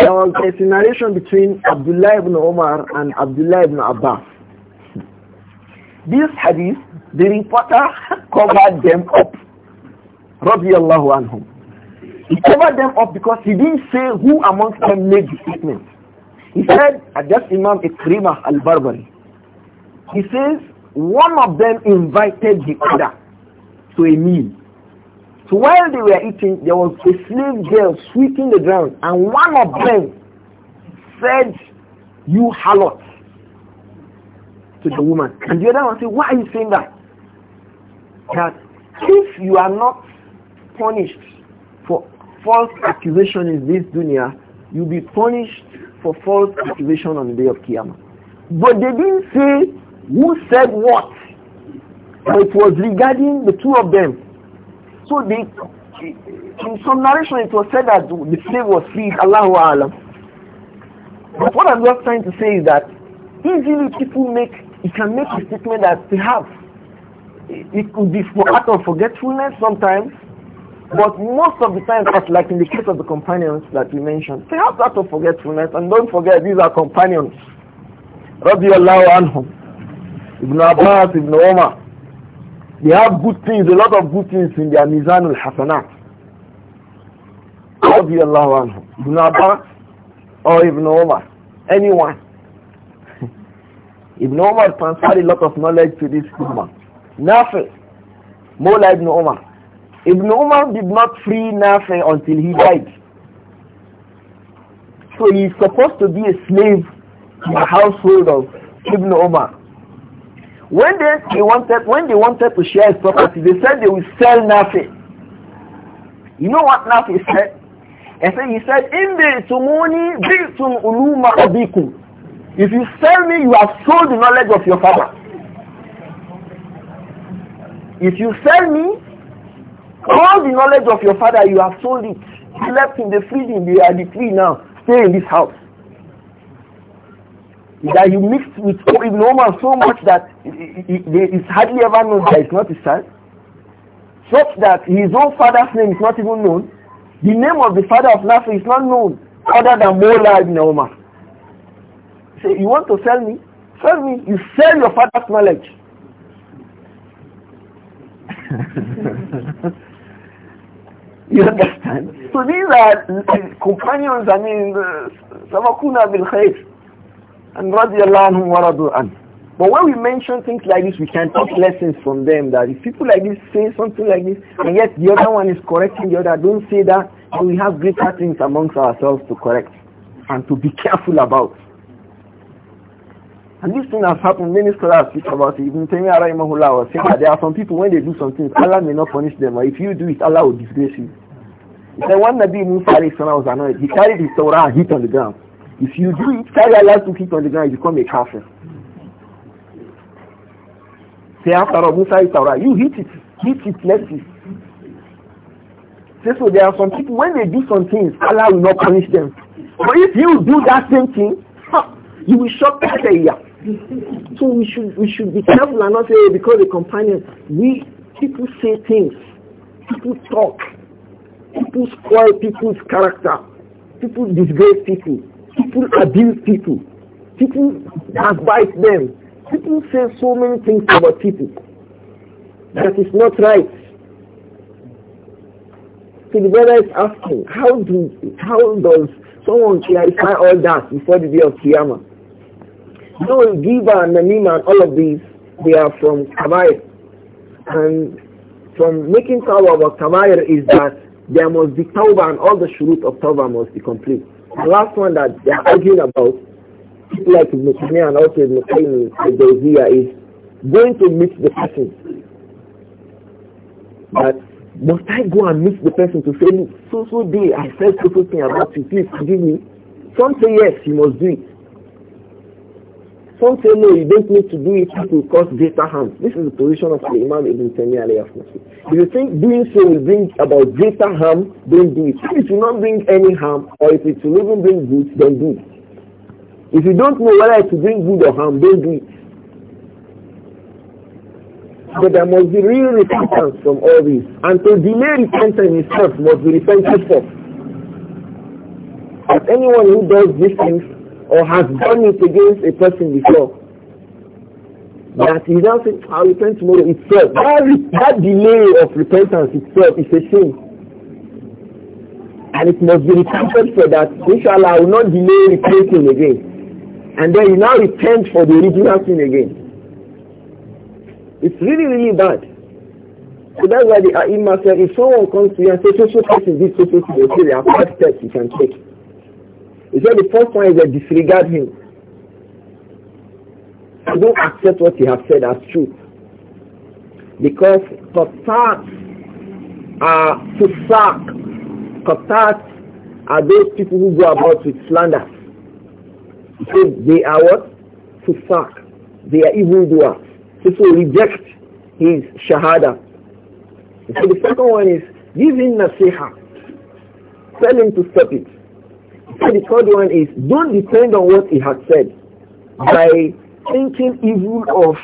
There was a narration between Abdullah ibn Omar and Abdullah ibn Abbas. This hadith, the reporter covered them up. Radiallahu anhum. He covered them up because he didn't say who amongst them made the statement. He said, just Imam Ikrimah al-Barbari, he says, one of them invited the other to a meal. So while they were eating, there was a slave girl sweeping the ground, and one of them said, you harlot, to the woman. And the other one said, why are you saying that? That if you are not punished for false accusation in this dunya, you'll be punished for false accusation on the day of Qiyamah. But they didn't say who said what. But it was regarding the two of them. So they, in some narration it was said that the slave was freed, Allahu Alam. But what I'm just trying to say is that easily people make, you can make a statement that they have. it could be for act of forgetfulness sometimes, but most of the time, like in the case of the companions that we mentioned, they have that of forgetfulness. And don't forget, these are companions. Allah anhum. Ibn Abbas, Ibn Omar. They have good things, a lot of good things in their Mizan al-Hasanat. Radiallahu anhum. Ibn Abbas or Ibn Omar. Anyone. Ibn Omar transferred a lot of knowledge to this Ummah. Nafi, like Ibn Omar. Ibn Umar did not free Nafi until he died. So he is supposed to be a slave in the household of Ibn Umar. When they, they wanted when they wanted to share his property, they said they will sell Nafi. You know what Nafi said? And so he said, In the bi'tumuni bi'tum uluma abiku. If you sell me, you have sold the knowledge of your father. If you sell me, all the knowledge of your father, you have sold it. You left him, they freed him, they are the free now. Stay in this house. That you mixed with Ibn so much that it's hardly ever known that it's not his son. Such that his own father's name is not even known. The name of the father of Nafi is not known other than Mola Ibn Omar. Say, you want to sell me? Sell me. You sell your father's knowledge. You understand? So these are companions, I mean, uh, Sabakuna bil Khair and radiallahu anhum wa an. But when we mention things like this, we can take lessons from them that if people like this say something like this, and yet the other one is correcting the other, don't say that, so we have greater things amongst ourselves to correct and to be careful about. And this thing has happened. Many scholars speak about it. Even Ibn Taymiyyah rahimahullah was saying that there are some people when they do some things, Allah may not punish them, or if you do it, Allah will disgrace you. He said one Nabi Musa was annoyed. He carried his Torah and hit on the ground. If you do it, carry Allah's to hit on the ground, you become a kafir. Say after all, Musa is Torah. You hit it, hit it, let it. Say so there are some people when they do some things, Allah will not punish them. But if you do that same thing, you will shock the year so we should we should be careful and not say because a companion. We people say things, people talk, people spoil people's character, people disgrace people, people abuse people, people advise them, people say so many things about people that is not right. So the brother is asking, how do how does someone clarify all that before the day of Qiyamah? No, Giba and Namima and all of these, they are from Kabair. And from making Tawbah about Kabair is that there must be Tawbah and all the shurut of Tawbah must be complete. The last one that they are arguing about, people like Ibn and also Ibn and al is going to meet the person. But must I go and meet the person to say, so so day I said so so thing about you, please forgive me? Some say yes, you must do it. Some say no, you don't need to do it, it will cause greater harm. This is the position of the Imam Ibn Taymiyyah If you think doing so will bring about greater harm, don't do it. If it will not bring any harm, or if it will even bring good, then do it. If you don't know whether it will bring good or harm, don't do it. But there must be real repentance from all this. And to delay repentance itself must be repented for. But anyone who does these things or has done it against a person before, that he now says, I'll repent tomorrow itself. That, that delay of repentance itself is a sin. And it must be repented for that. Inshallah, I will not delay repenting again. And then he now repent for the original sin again. It's really, really bad. So that's why the Aima said, if someone comes to you and says, so, so, so, this, so, so, so, so, so, so, five so, you can take. He said the first one is they disregard him. Don't accept what he has said as truth. Because qatat are fusak. Qatat are those people who go about with slander. So they are what? sack. They are evildoers. People reject his shahada. So the second one is give him nasiha. Tell him to stop it. And the third one is don't depend on what he had said by thinking evil of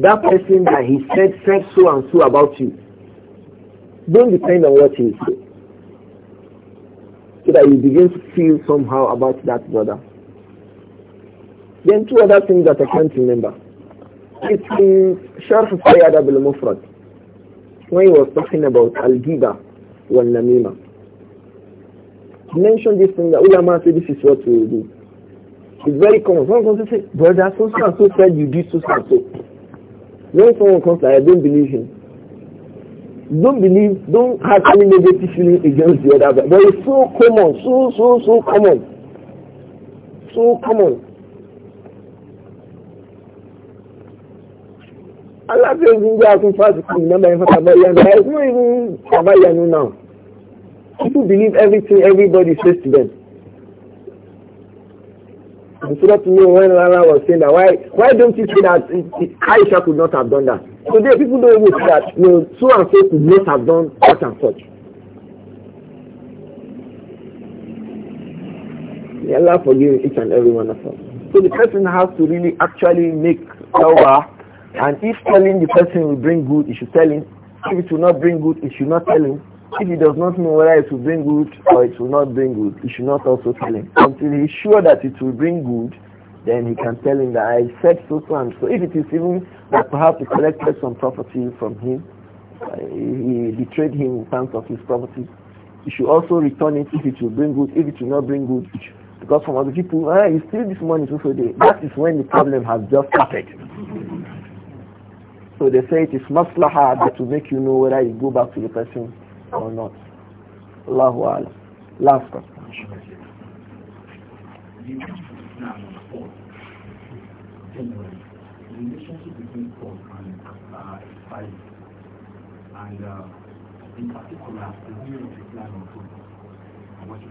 that person that he said said so and so about you. Don't depend on what he said. So that you begin to feel somehow about that brother. Then two other things that I can't remember. It's in Sharf Sayyad al-Mufrad when he was talking about al giba wal-Namima. mention this thing that ulama say this is what we will do. It's very common. Someone comes and say, brother, so and so said you did so and so. When someone comes like, I don't believe him. Don't believe, don't have any negative feeling against the other. But it's so common, so, so, so common. So common. Allah says, remember, in fact, about Yanu. There is no even about Yanu now. People believe everything everybody says to them. And so that to me when Allah was saying that why why don't you say that Aisha could not have done that? Today people don't even say that you know, so and so could not have done such and such. May Allah forgive each and every one of us. So the person has to really actually make tawbah and if telling the person will bring good, it should tell him. If it will not bring good, it should not tell him. If he does not know whether it will bring good or it will not bring good, he should not also tell him. Until he is sure that it will bring good, then he can tell him that I said so and so. If it is even that perhaps he collected some property from him, uh, he betrayed him in terms of his property, he should also return it if it will bring good, if it will not bring good. Because from other people, ah, you steal this money so so That is when the problem has just started. So they say it is maslaha that will make you know whether you go back to the person or not. Allahu Alam. Last question. the relationship between God and uh, and uh, in particular, the view of Islam on food and what you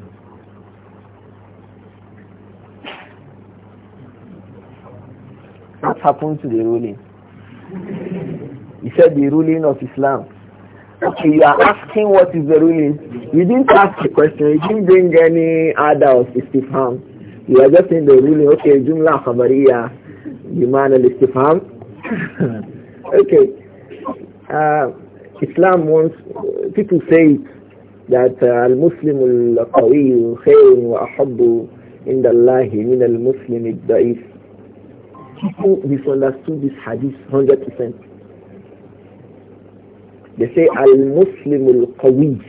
What happened to the ruling? he said the ruling of Islam. Okay, you are asking what is the ruling. You didn't ask the question. You didn't bring any other istifham. You are just in the ruling. Okay, jumla khabariya. Biman al-istifham. okay. Uh, Islam wants, people say that uh, al-Muslim al-Qawi khayrun wa ahabbu inda Allah min al-Muslim al-Da'if. People misunderstood this hadith 100%. They say al-Muslim al-Qawi,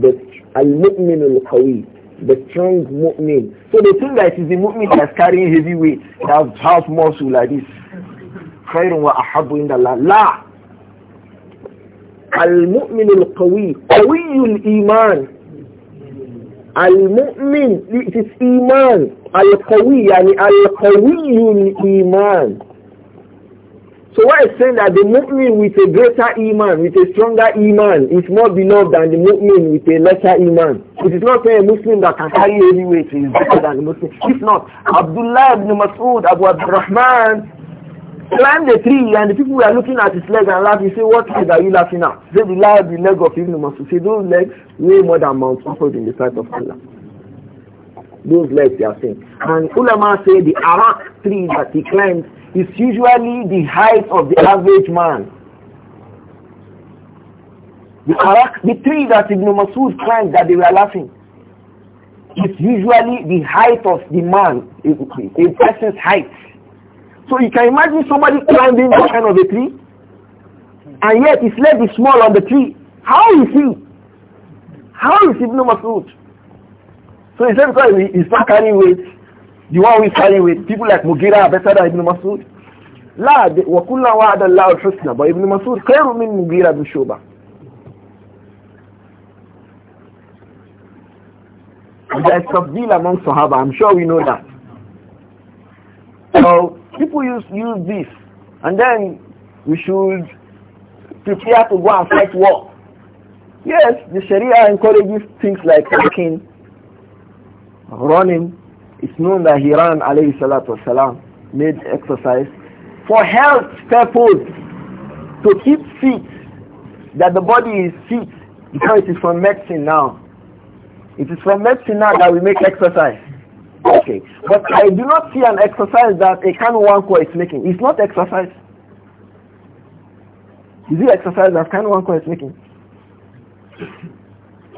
the al-Mu'min al-Qawi, the strong mu'min. So they think that it is the mu'min that's carrying heavy weight, that has muscle like this. خير وأحب al الله لا المؤمن القوي قوي Al-Mu'min. It it is إيمان القوي يعني القوي iman so what is saying that the mu'min with a greater iman, with a stronger iman, is more beloved than the mu'min with a lesser iman. It is not saying a Muslim that can carry any weight is better than a Muslim. If not, Abdullah ibn Mas'ud, Abu Abdurrahman, climbed the tree and the people were looking at his legs and laughed. He said, what leg are you laughing at? He said, the leg, the leg of Ibn Mas'ud. He said, those legs weigh more than Mount Uhud in the sight of Allah those legs they are saying. And ulama say the Arak tree that he climbed is usually the height of the average man. The, Arak, the tree that Ibn Masud climbed that they were laughing is usually the height of the man, a person's height. So you can imagine somebody climbing the kind of a tree and yet his leg is small on the tree. How is he? How is Ibn Masud? So he said because he's not carrying weight. The one we started with, people like Mugira, Abesada, Ibn Masud. لا وكل وعد الله الحسنى وابن مسعود خير من Mugira بن شعبة There is tafdeel among Sahaba, I'm sure we know that. So people use, use this and then we should prepare to go and fight war. Yes, the Sharia encourages things like hacking, running, it's known that he ran, alayhi salatu wasalam, made exercise for health purpose, to keep fit, that the body is fit, because it is from medicine now. It is from medicine now that we make exercise. Okay. But I do not see an exercise that a Kanu Wanko is making. It's not exercise. Is it exercise that Kanu Wanko is making?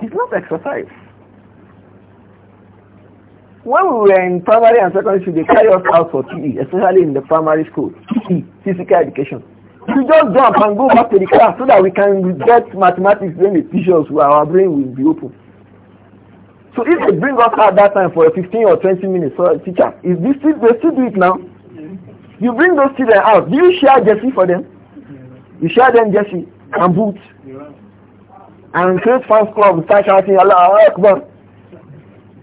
It's not exercise. When we were in primary and secondary school, they carry us out for PE, especially in the primary school, physical education. We just jump and go back to the class so that we can get mathematics during the teachers where our brain will be open. So if they bring us out that time for 15 or 20 minutes, so teacher, is this still, they still do it now? You bring those children out. Do you share Jesse for them? You share them Jesse and boots and create fans club, start shouting Allah Akbar.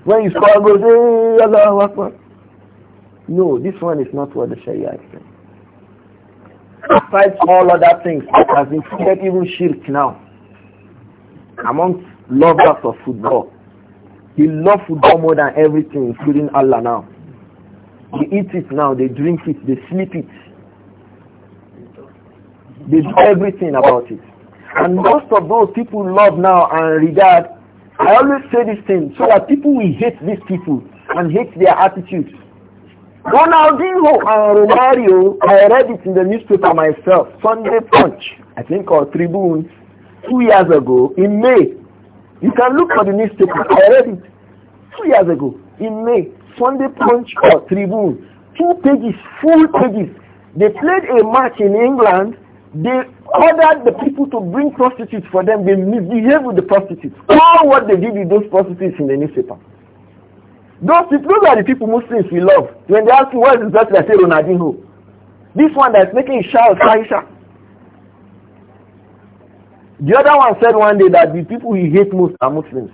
When you start go, hey, Allah Akbar. No, this one is not what the Sharia is saying. Besides all other things it has included even shirk now, amongst lovers of football, they love football more than everything, including Allah now. They eat it now, they drink it, they sleep it. They do everything about it. And most of those people love now and regard I always say this thing so that people will hate these people and hate their attitude. Ronaldinho and Romario, I read it in the newspaper myself, Sunday Punch, I think, or Tribune, two years ago in May. You can look for the newspaper. I read it two years ago in May, Sunday Punch or Tribune. Two pages, full pages. They played a match in England. They ordered the people to bring prostitutes for them. They misbehaved with the prostitutes. All what they did with those prostitutes in the newspaper. Those, those are the people Muslims we love. When they ask you what is that, they say Ronaldinho. This one that's making a shout, Aisha. The other one said one day that the people he hates most are Muslims.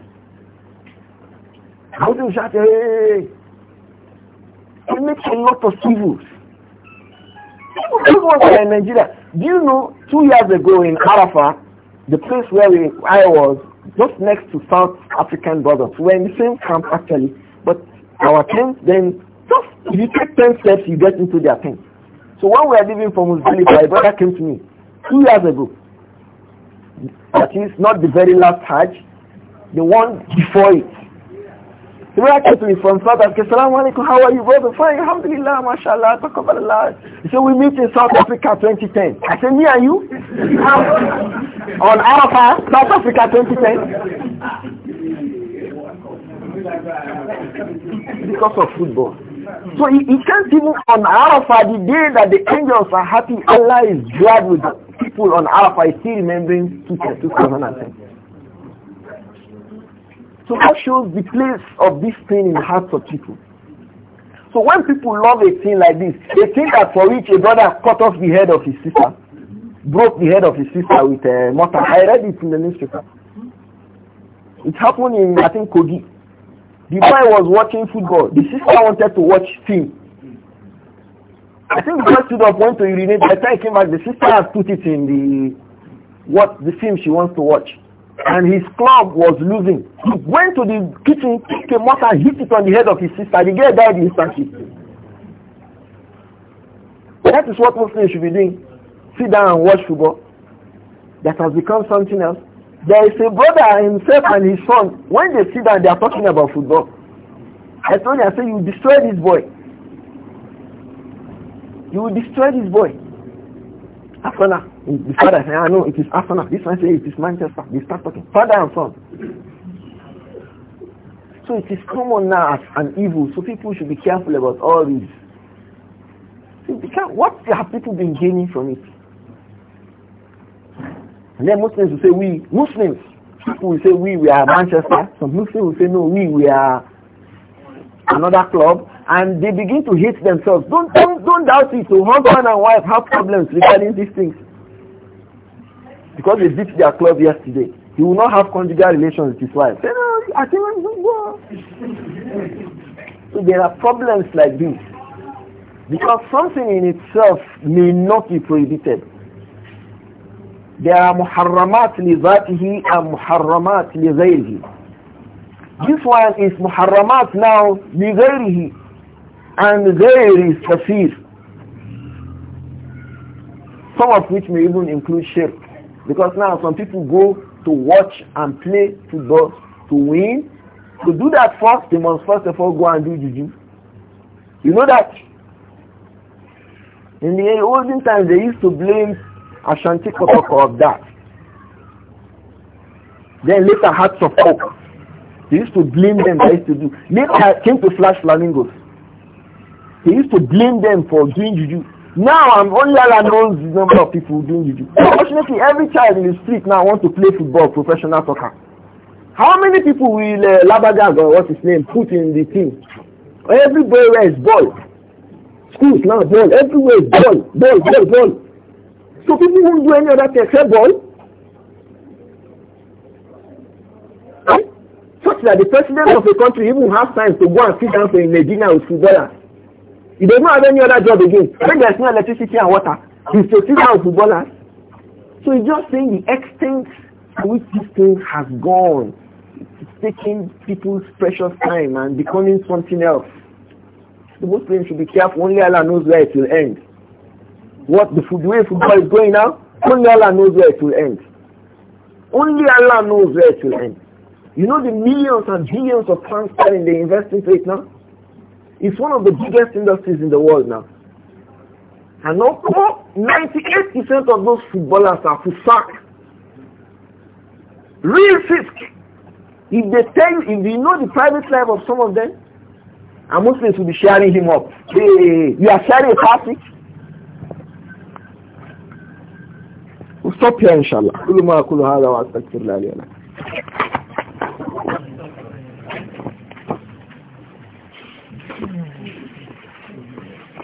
How do you shout, hey, he makes a lot of evils. Those ones in Nigeria. Do you know, two years ago in Arafah, the place where we, I was, just next to South African brothers, we were in the same camp actually, but our tent then, just if you take 10 steps, you get into their tent. So when we were leaving from Muzdalifah, my brother came to me, two years ago, that is not the very last Hajj, the one before it, the brother came me from South Africa. Salaam alaikum. How are you, brother? Fine. Alhamdulillah. MashaAllah. Taqabbalallah. He said, we meet in South Africa 2010. I said, me and you? On Arafah, South Africa 2010. Because of football. So he, he can't even on Arafah, the day that the angels are happy, Allah is glad with the people on Arafah. He's still remembering 2010. So that shows the place of this thing in the hearts of people. So when people love a thing like this, they think that for which a brother cut off the head of his sister, broke the head of his sister with a uh, mortar. I read it in the newspaper. It happened in, I think, Kogi. The boy was watching football. The sister wanted to watch film. I think the boy stood up, went to urinate. By the time he came back, the sister has put it in the what the film she wants to watch and his club was losing. He went to the kitchen, took a mortar, hit it on the head of his sister. The girl died instantly. That is what Muslims should be doing. Sit down and watch football. That has become something else. There is a brother himself and his son. When they sit down, they are talking about football. I told you, I said, you destroy this boy. You will destroy this boy. Asana. The father says, I ah, know it is Asana. This one says, it is Manchester. They start talking. Father and son. So it is common now as an evil. So people should be careful about all these. what have people been gaining from it? And then Muslims will say, we, Muslims. People will say, we, we are Manchester. Some Muslims will say, no, we, we are another club and they begin to hate themselves. Don't don't, don't doubt it. So husband and wife have problems regarding these things. Because they beat their club yesterday. He will not have conjugal relations with his wife. no, ah, I go. so there are problems like this. Because something in itself may not be prohibited. There are muharramat li zatihi and muharramat li ghayrihi. This one is muharramat now li ghayrihi and there is kafir some of which may even include shirk because now some people go to watch and play football to win to do that first they must first of all go and do juju you know that in the olden times they used to blame Ashanti Kotoko of that then later hearts of oak they used to blame them they used to do later came to flash flamingos he used to blame them for doing juju. Now I'm only Allah knows the number of people doing juju. Unfortunately, every child in the street now wants to play football, professional soccer. How many people will uh, Labadag or uh, what's his name put in the team? Everywhere is ball. Schools now ball. Everywhere is ball, ball, ball, ball. So people won't do any other thing except ball. Such that the president of the country even has time to go and sit down for a dinner with footballers. You don't have any other job again. When there's no electricity and water, he's a teacher of So he's just saying the extent to which this thing has gone. It's taking people's precious time and becoming something else. The Muslims should be careful. Only Allah knows where it will end. What the food, way football is going now, only Allah knows where it will end. Only Allah knows where it will end. You know the millions and billions of pounds that they invest right now? It's one of the biggest industries in the world now. And also, 98% of those footballers are fusak. Real fisk. If they tell you, if you know the private life of some of them, and Muslims will be sharing him up. Hey, you are sharing a passage. We'll stop here, inshallah.